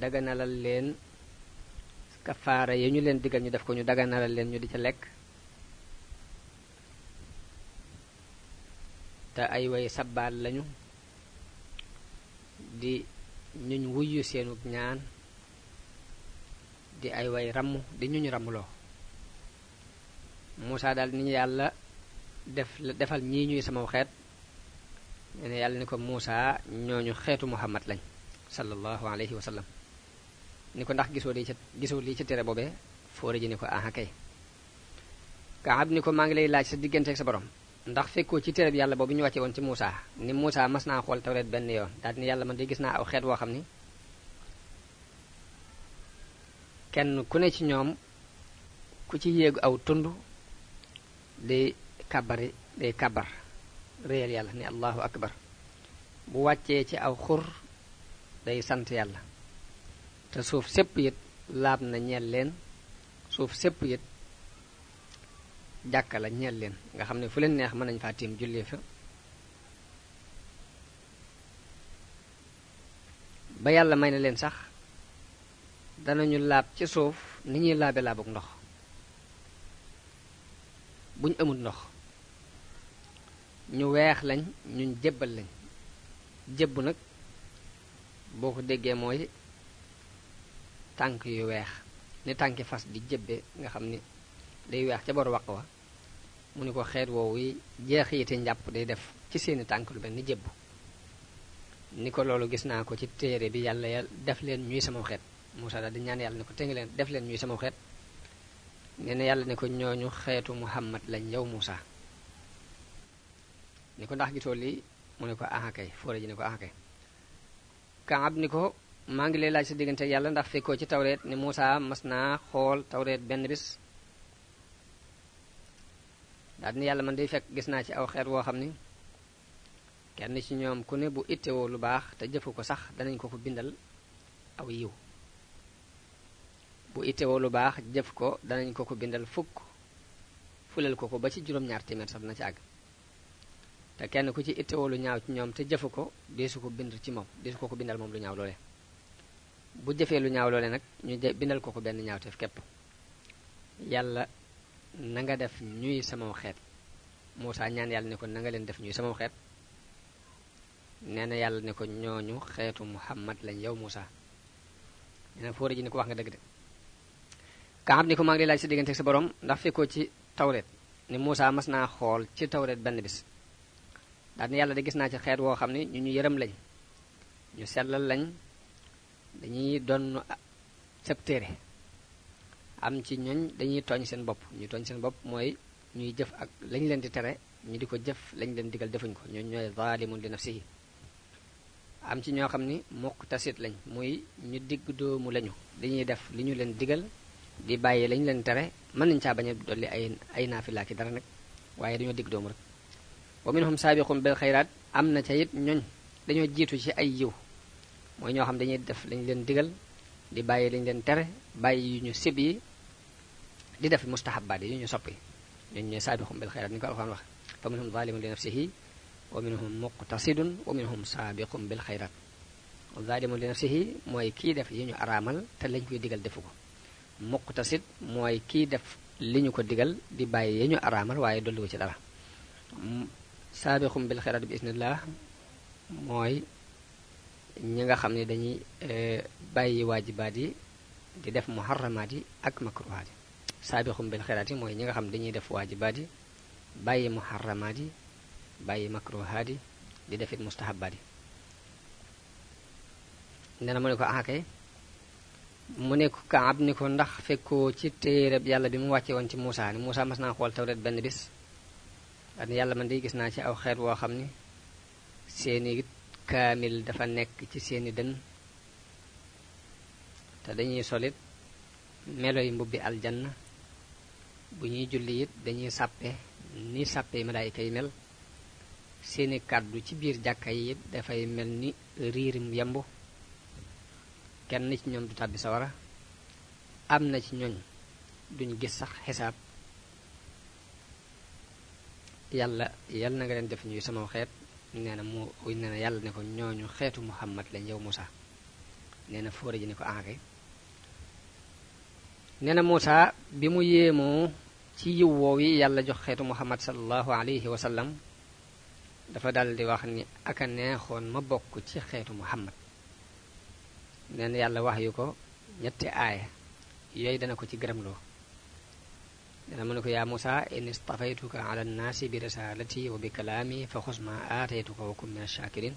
daganalal leen kafaara ya ñu leen digal ñu def ko ñu daganalal leen ñu di ca lekk te ay way sabbaal lañu di ñuñ wuyyu seenug ñaan di ay way ramm di ñuñ ramuloo Muusaa daal ni yàlla def defal ñii ñuy sama xeet nee ne yàlla ni ko Muusaa ñooñu xeetu Muhammad lañ sallallahu alayhi wa sallam ni ko ndax gisoo lii ca gisoo lii ca tere boobee fóore ji ni ko aha kay Kaab ni ko maa ngi lay laaj sa digganteeg sa borom ndax fekkoo ci téereb yàlla boobu ñu wàcce woon ci Moussa ni Moussa mas naa xool tawreet benn yoon daal ni yàlla man de gis naa aw xeet woo xam ni kenn ku ne ci ñoom ku ci yéegu aw tund day kàbbari day kàbbar réyal yàlla ni allahu akbar bu wàccee ci aw xur day sant yàlla te suuf sépp it laab na ñeel leen suuf sépp it jàkka la ñeel leen nga xam ne fu leen neex mën nañ faa tiim jullee fa ba yàlla may na leen sax danañu laab ci suuf ni ñuy laabe laabuk ndox buñ amul ndox ñu weex lañ ñu jébbal lañ jébbu nag boo ko déggee mooy tànk yu weex ni tànki fas di jébbe nga xam ni day weex ca bor wàq wa mu ne ko xeet woowu yi jeexiti njàpp day def ci seeni tànk lu mel ni ni ko loolu gis naa ko ci téere bi yàlla yàlla def leen ñuy sama xeet Moussa daal di ñaan yàlla ne ko tënk leen def leen ñuy sama xeet nee yàlla ne ko ñooñu xeetu Muhammad lañ yow Moussa ni ko ndax gisoo lii mu ne ko ah kay fóore ji ne ko ah kay Kaab ni ko maa ngi lay laaj sa diggante yàlla ndax fekkoo ci tawreet ni Moussa mas naa xool tawreet benn bis daal dina yàlla man day fekk gis naa ci aw xeet woo xam ni kenn ci ñoom ku ne bu ittewoo lu baax te jëfu ko sax danañ ko ko bindal aw yiw bu ittewoo lu baax jëf ko danañ ko ko bindal fukk fulal ko ko ba ci juróom-ñaar téeméer sax dina ci àgg te kenn ku ci ittewoo lu ñaaw ci ñoom te jëfu ko deesu ko bind ci moom deesu ko ko bindal moom lu ñaaw loole bu jëfee lu ñaaw loole nag ñu bindal ko ko benn ñaawteef képp yàlla na nga def ñuy sama xeet Moussa ñaan yàlla ne ko na nga leen def ñuy sama xeet nee na yàlla ne ko ñooñu xeetu Muhammad lañ yow Moussa nee na fóore ji ne ko wax nga dëgg de Kaab ni ko maa ngi si laaj sa diggante ak sa borom ndax fekkoo ci tawreet ni Moussa mas naa xool ci tawreet benn bis daal yàlla de gis naa ci xeet woo xam ne ñu ñu yërëm lañ ñu sellal lañ dañuy doon sëb téere am ci ñooñ dañuy tooñ seen bopp ñu tooñ seen bopp mooy ñuy jëf ak lañ leen di tere ñu di ko jëf lañ leen digal defuñ ko ñooñ ñooy zaalimun li nafsihi am ci ñoo xam ni muqtasid lañ muy ñu digg doomu lañu dañuy def li ñu leen digal di bàyyi lañ leen tere mën nañ caa bañ a dolli ay ay naafila ki dara nag waaye dañoo digg doomu rek wa minhum saabiqun bil xayraat am na ca it ñooñ dañoo jiitu ci ay yiw mooy ñoo xam dañuy def lañ leen digal di bàyyi liñ leen tere bàyyi yu ñu sib yi di def mustahabaat yi yu ñu soppi ñooñu ñooy saabixum bil xayraat ni ko alxuraan wax fa minhum zalimun li nafsihi wa minhum muqtasidun wa minhum saabiqum bil xayraat zalimun li nafsihi mooy kii def yi ñu araamal te lañ koy digal defu ko muqtasid mooy kii def li ñu ko digal di bàyyi yi ñu araamal waaye dolliwu ci dara saabixum bil xayraat bi mooy ñi nga xam ne dañuy eh, bàyyi waajibaat yi di def muharramaat yi ak makruhaat yi saabixum bil xayraat yi mooy ñi nga xam ne dañuy def waajibaat yi bàyyi muharramaat yi bàyyi makruhaat yi di defit mustahabaat yi nee na mu ne ko akay ah, mu ne ko Kaab ni ko ndax fekkoo ci téereb yàlla bi mu wàcce woon ci Muusa ni Muusa mas naa xool tawret benn bis yàlla man day gis naa ci aw xeet woo xam ni seeni kaamil dafa nekk ci seeni dën te dañuy solit meloy mbubbi aljanna bu ñuy julli it dañuy sàppe ni sàppe malaayika yi mel seeni kàddu ci biir jàkka yi dafay mel ni riirim yambu kenn ci ñoom du tàbbi sawara am na ci ñooñ duñ gis sax xisaab yàlla yàlla na nga leen def ñuy sama xeet nee na mu nee na yàlla ne ko ñooñu xeetu muhammad lañ yow Moussa nee na fóore ji ko ankay ah, nee na Moussa bi mu yéemoo ci yiw woow yi yàlla jox xeetu muhammad salallahu alayhi wa sallam dafa daldi wax ni aka neexoon ma bokk ci xeetu muhammad nee na yàlla wax yu ko ñetti aaya yooyu dana ko ci gërëmloo dana mën ko yaa Musa in istafaytuka ala nnaasi bi risalati wa bi kalaami fa xus ma aataytuka wa kun min ash-shakirin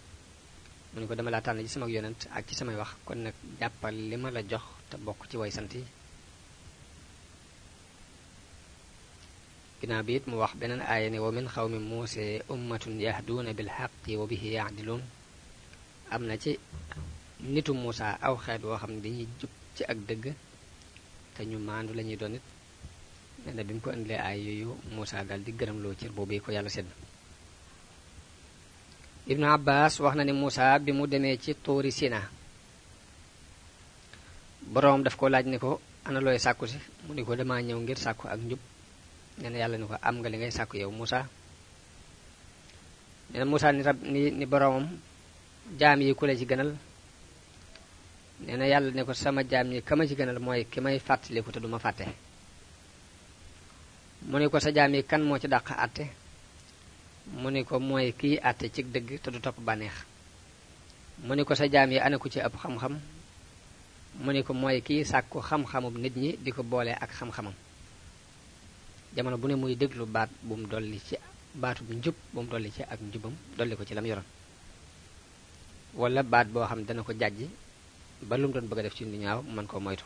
mu ko dama laa tànn ci sama yonent ak ci samay wax kon nag jàppal li ma la jox te bokk ci way sant yi ginnaaw bi mu wax beneen aaya ne wa min xawmi muuse ummatun yahduuna bil xaqi wa bihi yaadiluun am na ci nitu Musa aw xeet woo xam ne dañuy jub ci ak dëgg te ñu maandu la ñuy doon nee na bi mu ko indilee aay yooyu Moussa daal di gërëmloo cër boobu ko yàlla sedd Ibnu Abbas wax na ne Moussa bi mu demee ci Tuuri Sina boroom daf ko laaj ne ko ana looy sàkku si mu ni ko damaa ñëw ngir sàkku ak njub nee na yàlla ni ko am nga li ngay sàkku yow Moussa nee na ni rab ni ni boroomam jaam yi ku la ci gënal nee na yàlla ne ko sama jaam yi ka ma ci gënal mooy ki may fàttaliku te duma fàtte mu ni ko sa jaam yi kan moo ci dàq àtte mu ni ko mooy kii àtte ci dëgg te du topp bànneex mu ni ko sa jaam yi ana ku ci ëpp xam-xam mu ni ko mooy kii sàkku xam-xamub nit ñi di ko boole ak xam-xamam jamono bu ne muy déglu baat bu mu dolli ci baatub njub bu mu dolli ci ak njubam dolli ko ci lam yoroon wala baat boo xam dana ko jàjji ba lu doon bëgg a def ci lu ñaaw mën koo moytu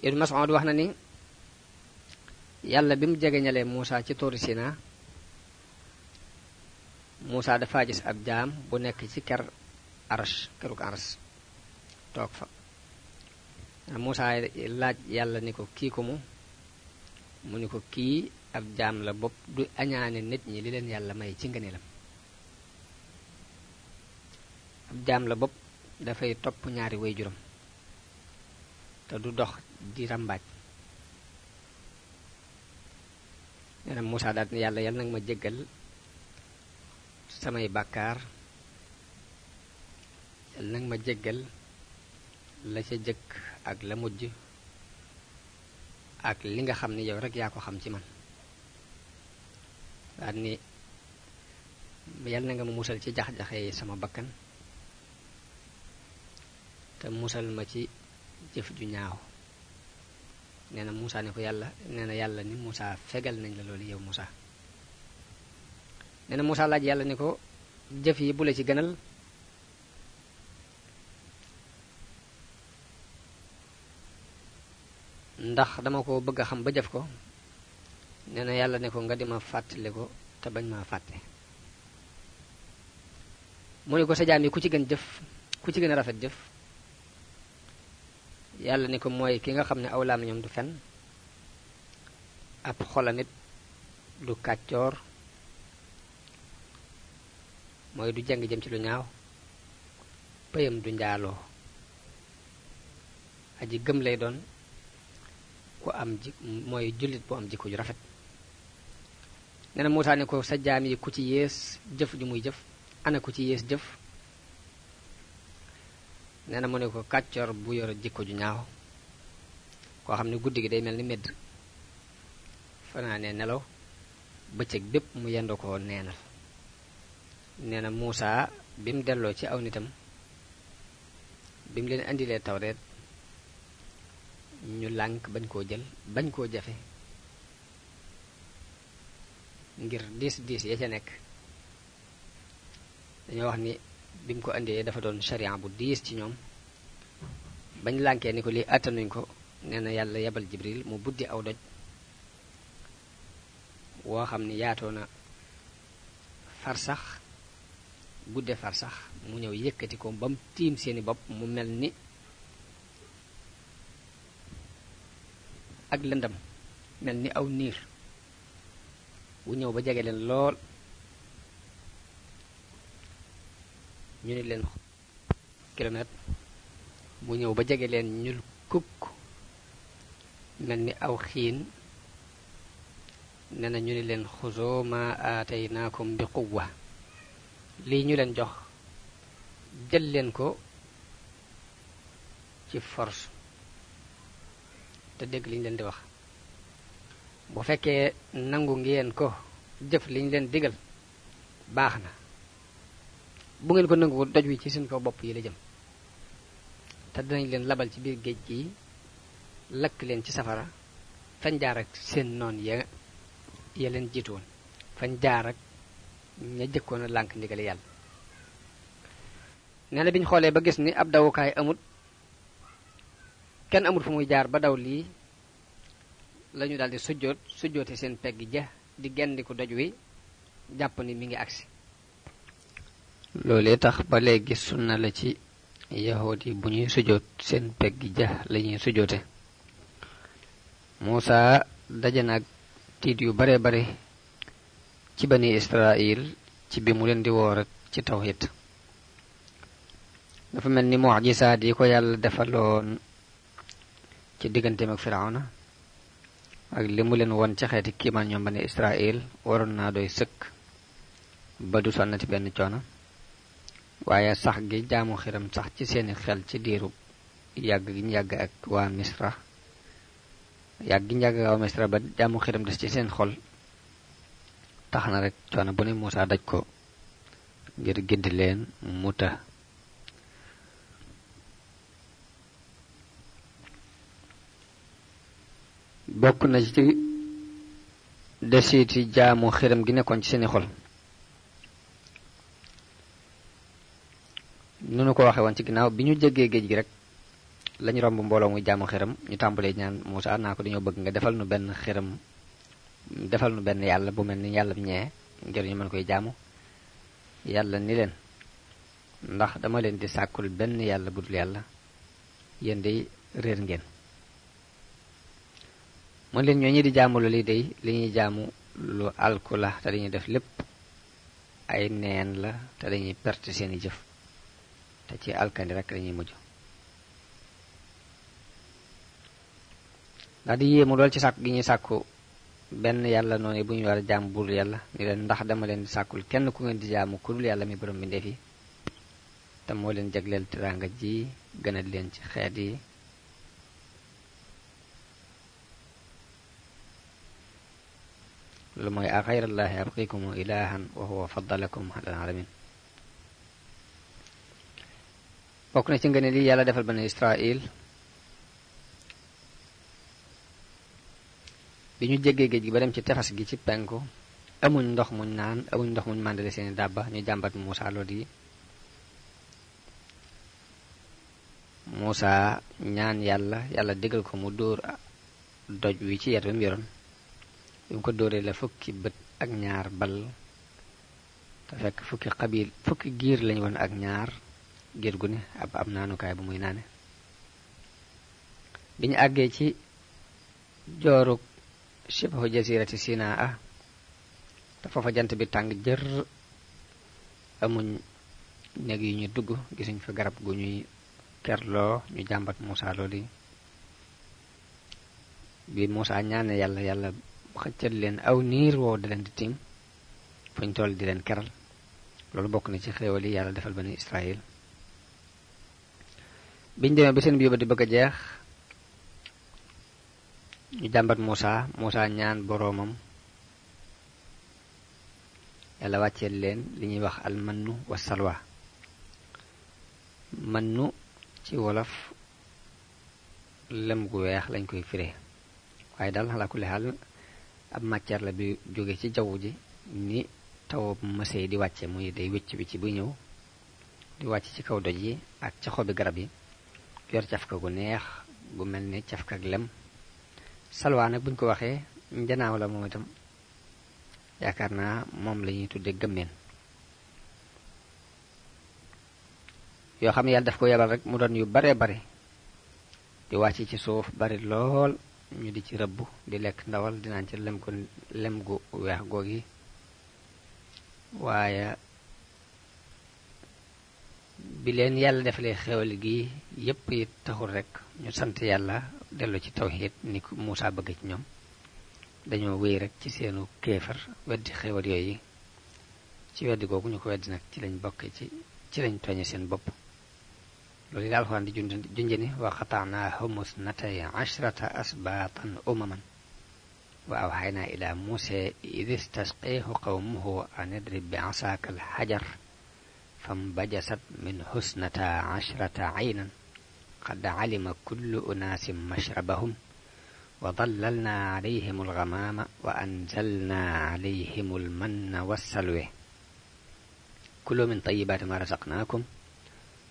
Ibn Mas'ud wax na ni yàlla bi mu jegeñalee Muusa ci tóori Sina Muusa dafa gis ab jaam bu nekk ci ker Arash keruk Arash toog fa Muusa laaj yàlla ni ko kii ko mu mu ni ko kii ab jaam la bopp du añaane nit ñi li leen yàlla may ci ngëneelam ab jaam la bopp dafay topp ñaari way juram te du dox di ràmbaaj nee na Moussa daal yàlla yal nag ma jéggal samay bàkkaar yal nag ma jéggal la ca jëkk ak la mujj ak li nga xam ni yow rek yaa ko xam ci man daal ni yal na nga ma musal ci jax-jaxe sama bakkan te musal ma ci jëf ju ñaaw nee na Moussa ne ko yàlla nee na yàlla ni musaa fegal nañ la loolu yow Moussa nee na Moussa laaj yàlla ni ko jëf yi bu la ci gënal ndax dama ko bëgg a xam ba jëf ko nee na yàlla ne ko nga di ma fàttali ko te bañ maa fàtte mu ne ko sa jaam yi ku ci gën jëf ku ci gën a rafet jëf yàlla ni ko mooy ki nga xam ne aw làmmiñam du fen ab xolam du kàccoor mooy du jàng jëm ci lu ñaaw pëyam du njaaloo aji gëm lay doon ku am ji mooy jullit bu am jikko ju rafet nee na Muusaa ne ko sa jaam yi ku ci yées jëf ju muy jëf ana ku ci yées jëf nee na mu ne ko kàccoor bu yor jikko ju ñaaw koo xam ne guddi gi day mel ni medd fanaane nelaw bëccëg bépp mu yendu ko neenal nee na Muusaa bi delloo ci aw nitam bi mu leen indilee tawreet ñu lànk bañ koo jël bañ koo jafe ngir diis diis ya ca nekk dañoo wax ni bi mu ko indee dafa doon sharia bu diis ci ñoom bañ lànkee ni ko lii attanuñ ko nee na yàlla yebal jibril mu buddi aw doj woo xam ne yaatoo na farsax gudde farsax mu ñëw yëkkati ko bam tiim seeni bopp mu mel ni ak lëndam mel ni aw niir wu ñëw ba jege leen lool ñu ne leen kilomètre mu ñëw ba jege leen ñul kukk mel ni aw xiin nee na ñu ni leen xuzoo ma aataynaakum bi wa lii ñu leen jox jël leen ko ci forse te dégg liñ leen di wax bu fekkee nangu ngeen ko jëf liñ leen digal baax na bu ngeen ko nanguwul doj wi ci seen kaw bopp yi la jëm te dinañ leen labal ci biir géej gi lakk leen ci safara fañ jaar ak seen noon ya ya leen jiitu woon fañ jaar ak ña jëkkoon a lànk ndigali yàlla nee na bi xoolee ba gis ni ab dawukaay amut kenn amul fu muy jaar ba daw lii lañu daldi sujjoot sujjoote seen pegg ja di gendiku doj wi jàpp ni mi ngi agsi loolee tax ba léegi sunna la ci yahood bu ñuy sujoot seen pegg ja la ñuy sujoote Muusaa daje nag tiit yu bare bare ci bani Israil ci bi mu leen di woor ci tawhid dafa mel ni mu mucjisaat yi ko yàlla defaloon ci digganteem ak Firawna ak li mu leen won ci xeeti kiimaan ñoom bani Israil waroon naa doy sëkk ba du sonnati benn coono waaye sax gi jaamu xiram sax ci seeni xel ci diiru yàgg gi jàgg ak waa misra yàgg gi ñu yàgg ak waa misra ba jaamu xiram des ci seen xol tax na rek coono bu ne Muusaa daj ko ngir gindi leen muta bokk na ci desiti jaamu xiram gi nekkoon ci seeni xol nu nu ko waxe woon ci ginnaaw bi ñu jéggee géej gi rek lañu romb mbooloo muy jaamu xiram ñu tàmbalee ñaan Moussa naa ko dañoo bëgg nga defal nu benn xiram defal nu benn yàlla bu mel ni yàlla ñee ngir ñu mën koy jaamu yàlla ni leen ndax dama leen di sàkkul benn yàlla budul yàlla yéen day réer ngeen mën leen ñoo ñi di jaamu lu li day li ñuy jaamu lu alku la te dañuy def lépp ay neen la te dañuy perte seeni jëf te ci alkandi rek lañuy mujj ndax di yéemu lool ci sàkku gi ñuy sàkku benn yàlla noonu bu ñu war a jaam bul yàlla ni leen ndax dama leen sàkkul kenn ku ngeen di jaamu ku dul yàlla mi borom bindéef yi te moo leen jagleel teraanga ji gënal leen ci xeet yi lu mooy axayrallaahi abqikum ilahan wa huwa faddalakum alal alamin bokk na ci ngëneel yi yàlla defal bani Israil bi ñu jegee géej gi ba dem ci tefas gi ci penku amuñ ndox mu naan amuñ ndox mu màndale seeni dàbba ñu jàmbat Muusa lool yi Muusa ñaan yàlla yàlla digal ko mu dóor doj wi ci yet bi mu yoroon bi mu ko dóoree la fukki bët ak ñaar bal te fekk fukki xabiil fukki giir lañu woon ak ñaar géej gu ne ab am naanukaay bu muy naane bi ñu àggee ci joorug shibhu jasirati sinaa te foofa jant bi tàng jër amuñ néeg yi ñu dugg gisuñ fa garab gu ñuy kerloo ñu jàmbat Muusa loolu bi Muusa ñaane yàlla yàlla xëccal leen aw niir woo da leen di tiim fuñ toll di leen keral loolu bokk na ci xéewal yi yàlla defal bani Israel biñ demee ba seen biiba di bëgg a jeex ñu jàmbat Moussa Moussa ñaan boroomam yàlla wàcceel leen li ñuy wax almannu wa salwa mannu ci wolof lem gu weex lañ koy firee waaye daal ala kulli xaal ab matière la bi jóge ci jaww ji ni tawab mësee di wàcce muy day wecc bi ci buy ñëw di wàcc ci kaw doj yi ak ci xobi garab yi yor cafka gu neex gu mel ni cafka ak lem salwaa nag buñ ko waxee njanaaw la moom itam yaakaar naa moom lañuy ñuy tudde gëmmeen yoo xam ne daf ko yabal rek mu doon yu bare bare di wàcc ci suuf bari lool ñu di ci rëbb di lekk ndawal dinaan ci lem ko lem gu weex googi waaye bi leen yàlla defalee xewal gi yépp it taxul rek ñu sant yàlla dellu ci tawxiid ni Muusaa bëgg ci ñoom dañoo wéy rek ci seenu kéefar weddi xewal yooyu ci weddi googu ñu ko weddi nag ci lañ bokk ci ci lañ tooñe seen bopp loolu yi daal xawaan di junjëni wa xataanaa musnatay ashrata asbaatan umaman wa awxaynaa ilaa Muusaa id istasqeehu qawmuhu an idrib bi asaaka alxajar fam bajasat min husnata ashrata aynan qad alima kullu unaasin mashrabahum wa dallalna alayhim alghamama wa anzalna alayhim almanna wassalwe kulu min tayyibati ma razaqnakum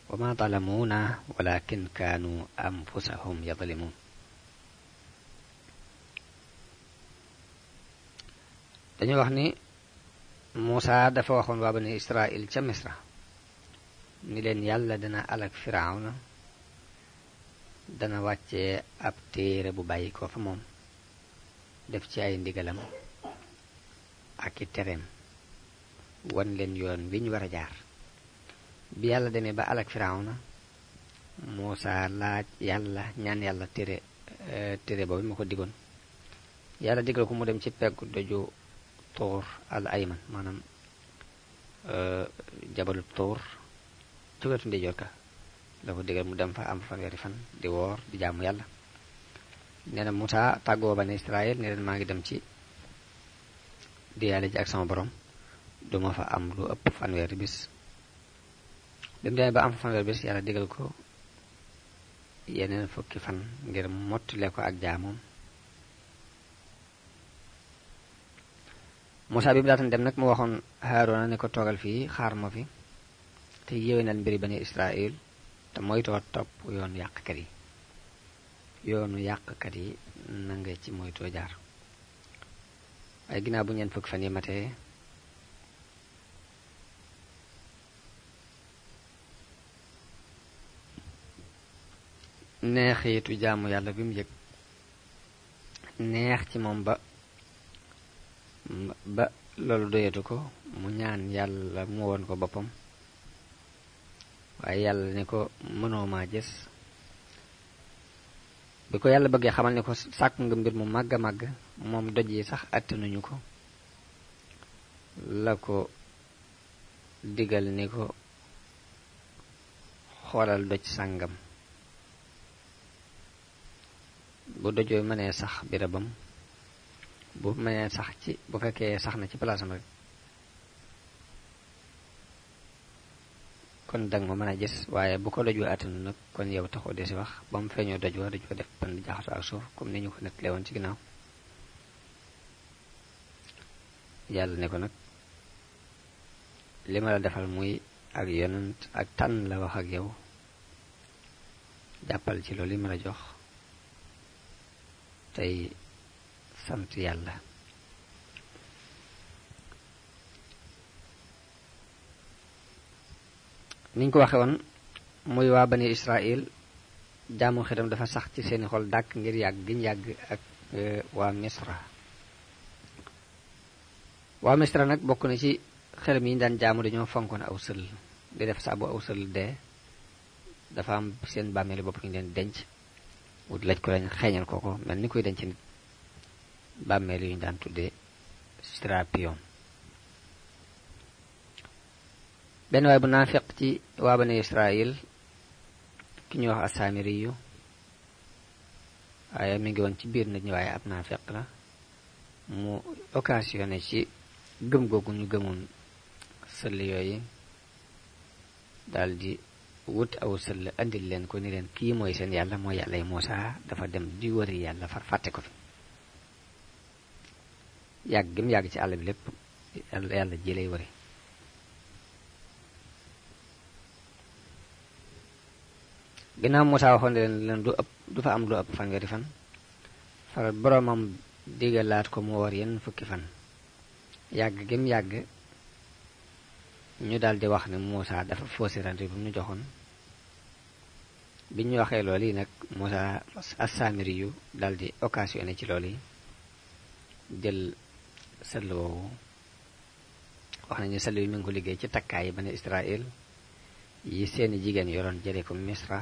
wa ma zalamuna walakin kanu anfusahum yadlimun dañu wax ni Muusa dafa waxoon waa bani Israil ca Misra ni leen yàlla dana alak firawna dana wàccee ab téere bu bàyyi ko fa moom def ci ay ndigalam ak i tereem wan leen yoon wi ñu war a jaar bi yàlla demee ba alak firawna Muusaa laaj yàlla ñaan yàlla téere eh, téere boobu ma ko digoon yàlla digal ko mu dem ci peggu doju tuur al ayman maanaam eh, jabalu tuur ca wetu ndeyjoor ka la ko digal mu dem fa am fanweeri fan di woor di jaamu yàlla nee Musaa tàggoo bani Israel ne leen maa ngi dem ci di yàlla ji ak sama borom duma fa am lu ëpp fanweeri bis bi demee ba am fa fanweeri bis yàlla digal ko yeneen fukki fan ngir mottule ko ak jaamoom Musaa bi mu daatan dem nag mu waxoon Haaruna ne ko toogal fii xaar ma fi te yéwénal mbiri bani Israël te moytoo topp yoonu yàqkat yi yoonu yàqkat yi na ci moytoo jaar waaye ginnaaw bu ñeen fukk fan yi matee neexiitu jaamu yàlla bi mu yëg neex ci moom ba ba loolu doyatu ko mu ñaan yàlla mu woon ko boppam waaye yàlla ne ko mënoo maa gis bi ko yàlla bëggee xamal ne ko sàkku nga mbir mu màgg a màgg moom doj yi sax attanuñu ko la ko digal ni ko xoolal doj sàngam bu dojoo mënee sax birabam bu mënee sax ci bu fekkee sax na ci palaasam rek kon dang ma mën a gis waaye bu ko doj wa attanu nag kon yow taxu de si wax ba mu feeñoo doj wa doj wa def ban jaxasu ak suuf comme ni ñu ko nettalee woon ci ginnaaw yàlla ne ko nag li ma la defal muy ak yonent ak tànn la wax ak yow jàppal ci loolu li ma la jox tey sant yàlla niñ ko waxe woon muy waa bani Israil jaamu xidam dafa sax ci seeni xol dàkk ngir yàgg giñ yàgg ak eh, waa misra waa misra nag bokk na ci xërëm yi daan jaamu dañoo fonkoon aw sël di def saabu aw sël de dafa am seen bàmmeelu bopp ñu leen denc wut laj ko lañ xeeñal kooko mel ni koy denc nit bàmmeel yu daan tuddee strapion benn waay bu naafiq ci waa bani Israil ki ñuy wax asaamiri yu waaye mi ngi woon ci biir nit ñi waaye ab naafiq la mu occasionné ci gëm googu ñu gëmoon sël yooyu daal di wut aw sëll andil leen ko ni leen kii mooy seen yàlla mooy yàlla yi Muusaa dafa dem di wëri yàlla far fàtte ko fi yàgg gi yàgg ci àll bi lépp yàlla ji lay wëri ginnaaw Moussa waxoon leen du ëpp du fa am lu ëpp fanweeri fan far boromam digalaat ko mu war yenn fukki fan yàgg gim yàgg ñu daldi wax ne Moussa dafa faussé rendez bi mu ñu joxoon bi ñu waxee lool yi nag Moussa Assamiri yu daldi occasionné ci lool yi jël sëll woowu wax nañu sëll yi mi ngi ko liggéey ci takkaay yi bani Israël yi seeni jigéen yoroon jële ko Misra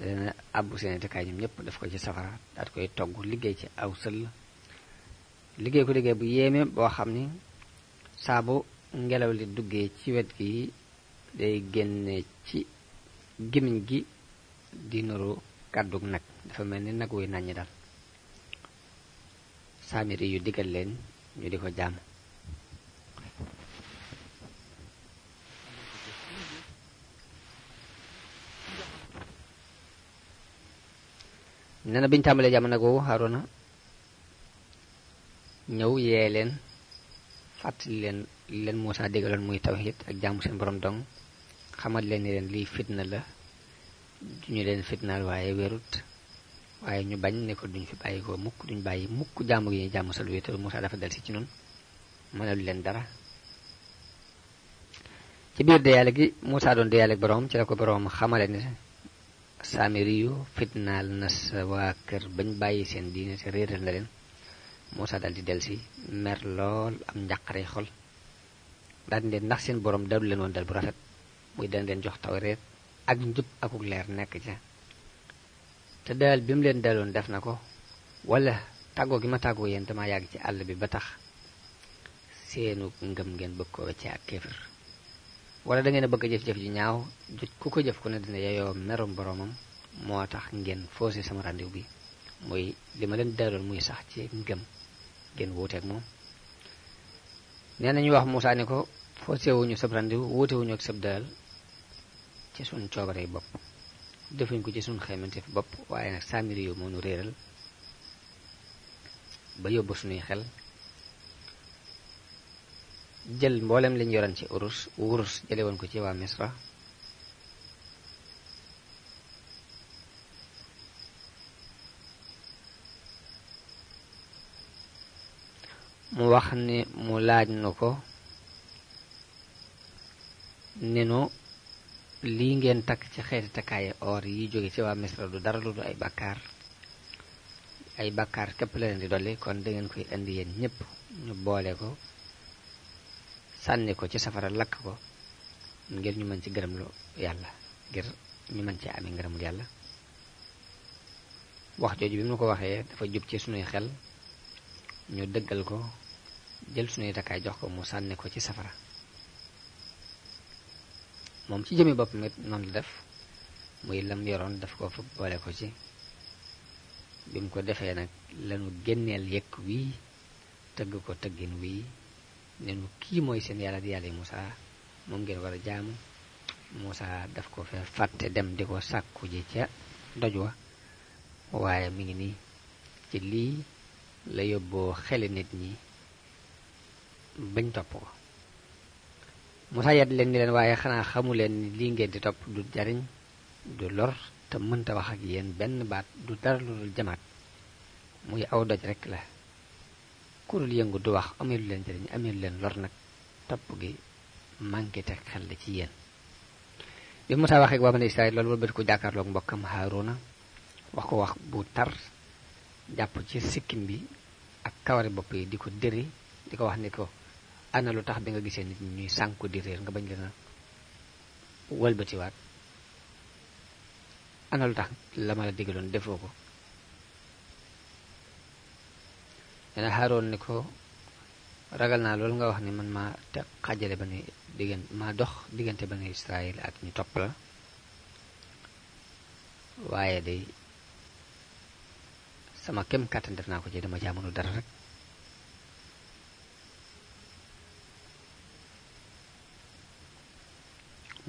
dana àbbu seeni takaay ñoom ñëpp daf ko ci safara daat koy togg liggéey ci aw sëll liggéey ko diggee bu yéeme boo xam ni saabu ngelaw li duggee ci wet gi day génne ci gémmiñ gi di nuru kàddug nag dafa mel ni nag wuy nàññi daal saamiri yu digal leen ñu di ko jaamu nee na bi ñu tàmbalee jamono googu Haaruna ñëw yee leen fàttali leen leen Muusaa déggaloon muy tawhid ak jàmm seen boroom dong xamal leen ni leen lii fitna la ñu leen fitnaal waaye wérut waaye ñu bañ nekkoon ko duñ fi bàyyi ko mukk duñ bàyyi mukk jàmm gi ñuy jaamu sa lu wéetal Muusaa dafa dal si ci noonu mënalu leen dara ci biir deyaale gi Muusaa doon deyaale ak borom ci la ko borom xamale ne samiri yu fitnaal na sa waa kër bañ bàyyi seen diine sa réeral na leen Muusaa dal di si mer lool am njàqare xol daal di ndax seen boroom dalu leen woon dal bu rafet muy daan leen jox taw ak njub akuk leer nekk ca te daal bi mu leen daloon def na ko wala tàggoo gi ma tàggoo yéen dama yàgg ci àll bi ba tax seenu ngëm ngeen bëgg koo wecce ak kéefër wala da ngeen a bëgg a jëf-jëf ji ñaaw ku ko jëf ku ne dina yeyoo merum boroomam moo tax ngeen foose sama rendez bi muy li ma leen daloon muy sax ci ngëm ngeen wuuteeg moom nee nañu wax Moussa ni ko faussé wuñu sab rendez-vous wuute wuñu ak sab dal ci suñ coobarey bopp defuñ ko ci suñ xaymanteef bopp waaye nag saamiri yow moo nu réeral ba yóbbu suñuy xel jël mbooleem li ñu ci urus wurus jële woon ko ci waa misra mu wax ni mu laaj na ko ni nu lii ngeen takk ci xeeti takkaay or yiy jóge ci waa misra du dara lu du ay bàkkaar ay bàkkaar képp la leen di dolli kon dangeen ngeen koy indi yéen ñëpp ñu boole ko sànni ko ci safara lakk ko ngir ñu mën ci gërëm yàlla ngir ñu mën ci amee ngërëm lu yàlla wax jooju bi mu ko waxee dafa jub ci suñuy xel ñu dëggal ko jël sunuy takkaay jox ko mu sànni ko ci safara moom ci jëmi bopp nit noonu la def muy lam yoroon daf ko fa boole ko ci bi mu ko defee nag lanu génneel yëkk wii tëgg ko tëggin wii neen ma kii mooy seen yàlla di yàlla yi Moussa moom ngeen war a jaamu musaa daf ko fee fàtte dem di ko sàkku ji ca doj wa waaye mi ngi nii ci lii la yóbboo xele nit ñi bañ topp ko Moussa yedd leen leen waaye xanaa xamu leen ni lii ngeen di topp du jariñ du lor te mënta wax ak yéen benn baat du dara lu jamaat muy aw doj rekk la ku dul yëngu du wax ameelu leen jëriñ ameelu leen lor nag topp gi manqué te xel la ci yéen bi Musaa waxee ak waa bani Israayil loolu wëlbati ko jàkkaarloog mbokkam na wax ko wax bu tar jàpp ci sikkim bi ak kawari bopp yi di ko dëri di ko wax ni ko ana lu tax bi nga gisee nit ñuy sànku di réer nga bañ leen a wëlbatiwaat ana lu tax la ma la digaloon defoo ko nee na xaaroon ni ko ragal naa loolu nga wax ni man maa te xàjjale ba ni diggante maa dox diggante ba ni Israël ak ñu topp la waaye day sama kem kàttan def naa ko ci dama jaamunul dara rek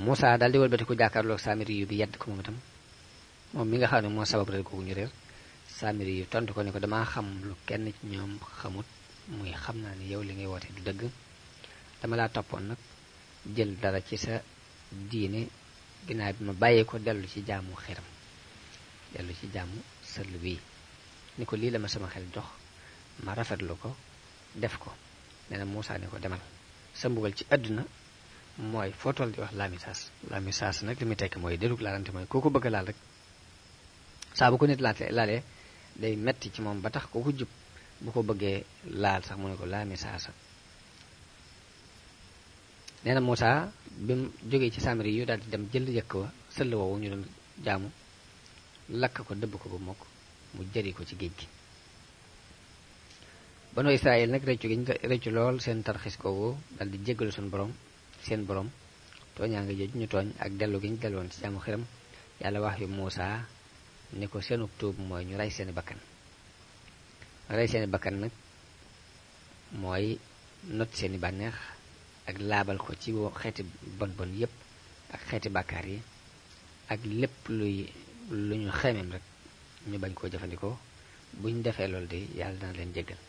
Moussa daal di wëlbati ko jàkkaarloog Samiri yu bi yedd ko moom itam moom mi nga xam ne moo sabab rek googu ñu réer saamiri yi tontu ko ni ko damaa xam lu kenn ci ñoom xamut muy xam naa ni yow li ngay woote du dëgg dama laa toppoon nag jël dara ci sa diine ginnaaw bi ma bàyyi ko dellu ci jaamu xeram dellu ci jaamu sël bii ni ko lii la ma sama xel jox ma rafetlu ko def ko nee na Muusaa ko demal sa mbugal ci àdduna mooy foo di wax laami saas laami saas nag li muy tekki mooy dérug laalante mooy kooku bëgg laal saa bu ko nit laate laalee day metti ci moom ba tax ko ku jub bu ko bëggee laal sax mu ne ko laami saasa nee na Moussa bi mu jógee ci Samiri yu daal di dem jël yëkk wa sëll woowu ñu doon jaamu lakk ko dëbb ko ba mokk mu jëri ko ci géej gi banu Israël nag rëccu gi ñu ko rëccu lool seen tarxis kooku daal di jéggalu suñu borom seen borom tooñaa nga jooju ñu tooñ ak dellu gi ñu delloon ci jaamu xiram yàlla wax yu Moussa ni ko seenu tuub mooy ñu rey seeni bakkan rey seeni bakkan nag mooy not seeni bànneex ak laabal ko ci xeeti bon bon yépp ak xeeti bàkkaar yi ak lépp luy lu ñu xemeem rek ñu bañ koo jëfandikoo buñ defee loolu de yàlla dana leen jéggal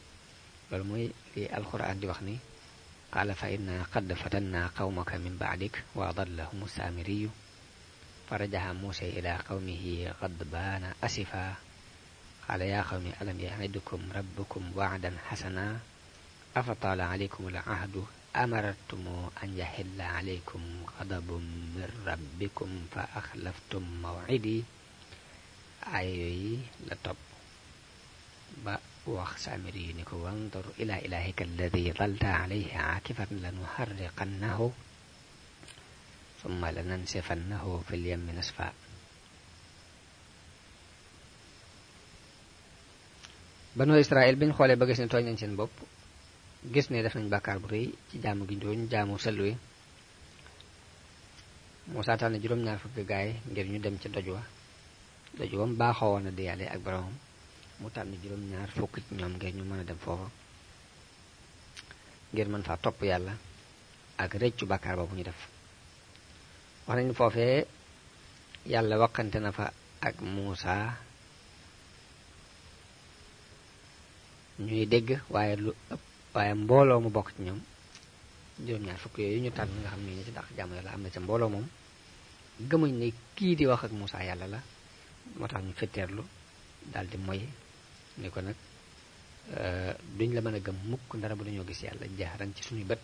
loolu mooy li alxuraan di wax ni qaala fa inna qad fatanna qawmaka min baadik la adallahum saamiriyu فرجع موسى إلى قومه غضبان أسفا قال يا قوم ألم يعدكم ربكم وعدا حسنا أفطال عليكم العهد أمرتم أن يحل عليكم غضب من ربكم فأخلفتم موعدي ayoyi la topp ba wax saamir yi ni ko wandur ila ilaahika alladi dalta alayhi aakifan lanuharriqannahu na لننسفنه في اليم نسفا banu Israël bi ñu xoolee ba gis ne tooñ nañ seen bopp gis ne def nañ bàkkaar bu rëy ci jaamu gi ñu jaamu sëllu yi Musaa tànn juróom-ñaar fukki gaay ngir ñu dem ca doj wa doj wa mu baaxoo woon a diyaale ak boromam mu tànn juróom-ñaar fukki ñoom ngir ñu mën a dem foofa ngir mën faa topp yàlla ak rëccu bàkkaar boobu ñu def wax nañ foofee yàlla waxante na fa ak Muusa ñuy dégg waaye lu ëpp waaye mbooloo mu bokk ci ñoom juróom-ñaar fukk yooyu ñu tànn nga xam ne ñu ci dàq jàmm yàlla am na ci mbooloo moom gëmuñ ni kii di wax ak Muusa yàlla la moo tax ñu fetteerlu daldi di moy ni ko nag euh, duñ la mën a gëm mukk ndara bu dañoo gis yàlla jaaran ci suñuy bët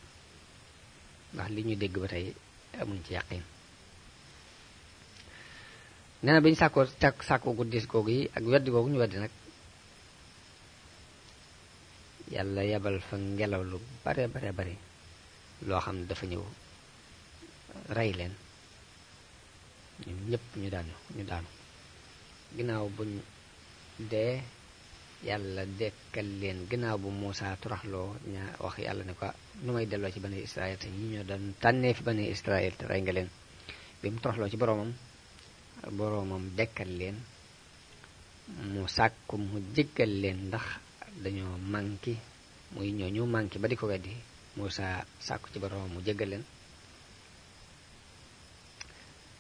ndax li ñu dégg ba tey amuñ ci yàqin nee na bi ñu sàkkoo sàkkoo gu diis googu yi ak weddi googu ñu weddi nag yàlla yebal fa ngelaw lu bare bare bari loo xam ne dafa ñëw rey leen ñun ñëpp ñu daanu ñu daanu ginnaaw buñ dee yàlla dekkal leen ginnaaw bu Muusaa turaxloo ña wax yàlla ne ko nu may delloo ci bani Israel te ñi ñoo doon tànnee fi bani Israel te rey nga leen bi mu turaxloo ci boroomam boroomam dekkal leen mu sàkku mu jéggal leen ndax dañoo manki muy ñooñu manki ba di ko weddi Muusa sàkku ci boroomam mu jéggal leen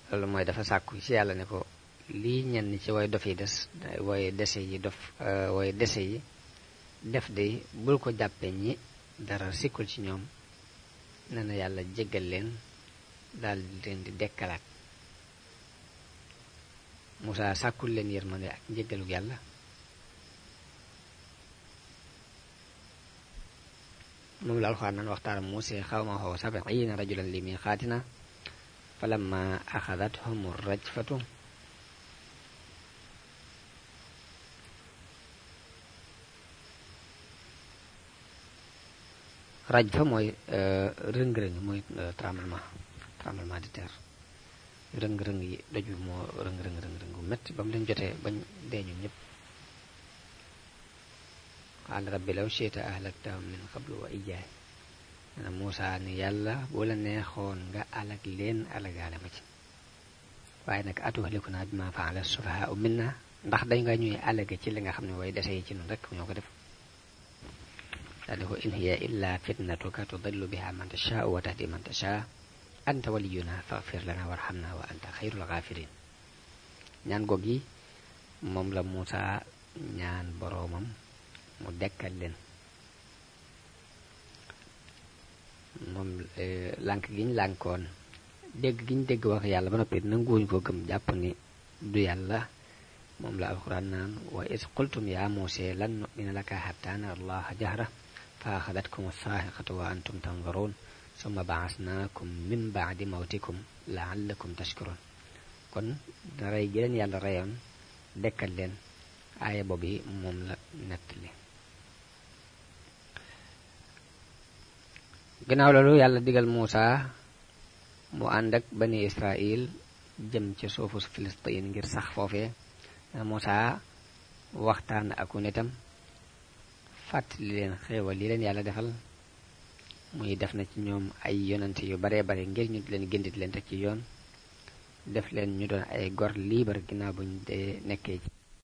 loolu mooy dafa sàkku ci yàlla ne ko lii ñenn ci way dof des way dese yi dof euh, way dese yi def de bul ko jàppe ñi dara sikkul ci ñoom nee yàlla jéggal leen daal di leen di dekkalaat Moussa sàkkul leen yërmande ak njëggalug yàlla moom la alxuraan naan waxtaan Muusaa xawmahu sab'iina rajulan li miiqaatinaa falammaa axadathum rajfatu rajfa mooy euh, rëng-rëng mooy euh, tremblement tremblement de terre rëng-rëng yi doj bi moo rëng-rëng ba mu leen jotee bañ dee ñun ñëpp qaal rabbi law shi'ta ahlaktahum min qablu wa iyyaaya ana Muusaa ni yàlla boo la neexoon nga alak leen alagaale ma ci waaye nag atuhlikunaa bimaa fa'ala sufahaa'u minnaa ndax dañ nga ñuy alaga ci li nga xam ne way dese yi ci nun rek ñoo ko def daal di ko in hiya illaa fitnatuka tudillu bihaa man tashaa'u wa tahdi man tashaa'u anta waliyuna faghfir lana warhamna wa anta xayrul ghafirin ñaan goog moom la Muusa ñaan boroomam mu dekkal leen moom euh, lànk giñ lànkoon dégg giñ dégg wax yàlla ba noppi nanguwuñ ko gëm jàpp ni du yàlla moom la alquran naan wa is qultum ya muuse lan nu'mina laka hatta nara allaha jahra fa axadatkum as-saaxiqatu wa antum tanzaruun summa baasnaakum min baadi mawtikum laallakum tashkurun kon rey gi leen yàlla reyoon dekkal leen aaya boobu moom la nettali gannaaw loolu yàlla digal Muusa mu ànd ak bani Israil jëm ci suufu Filistin ngir sax foofee Muusa waxtaan aku nitam fàttali leen xéewal yi leen yàlla defal muy def na ci ñoom ay yonante yu baree bare ngir ñu leen gëndit leen teg ci yoon def leen ñu doon ay gor liibar ginnaaw bu ñu dee nekkee ci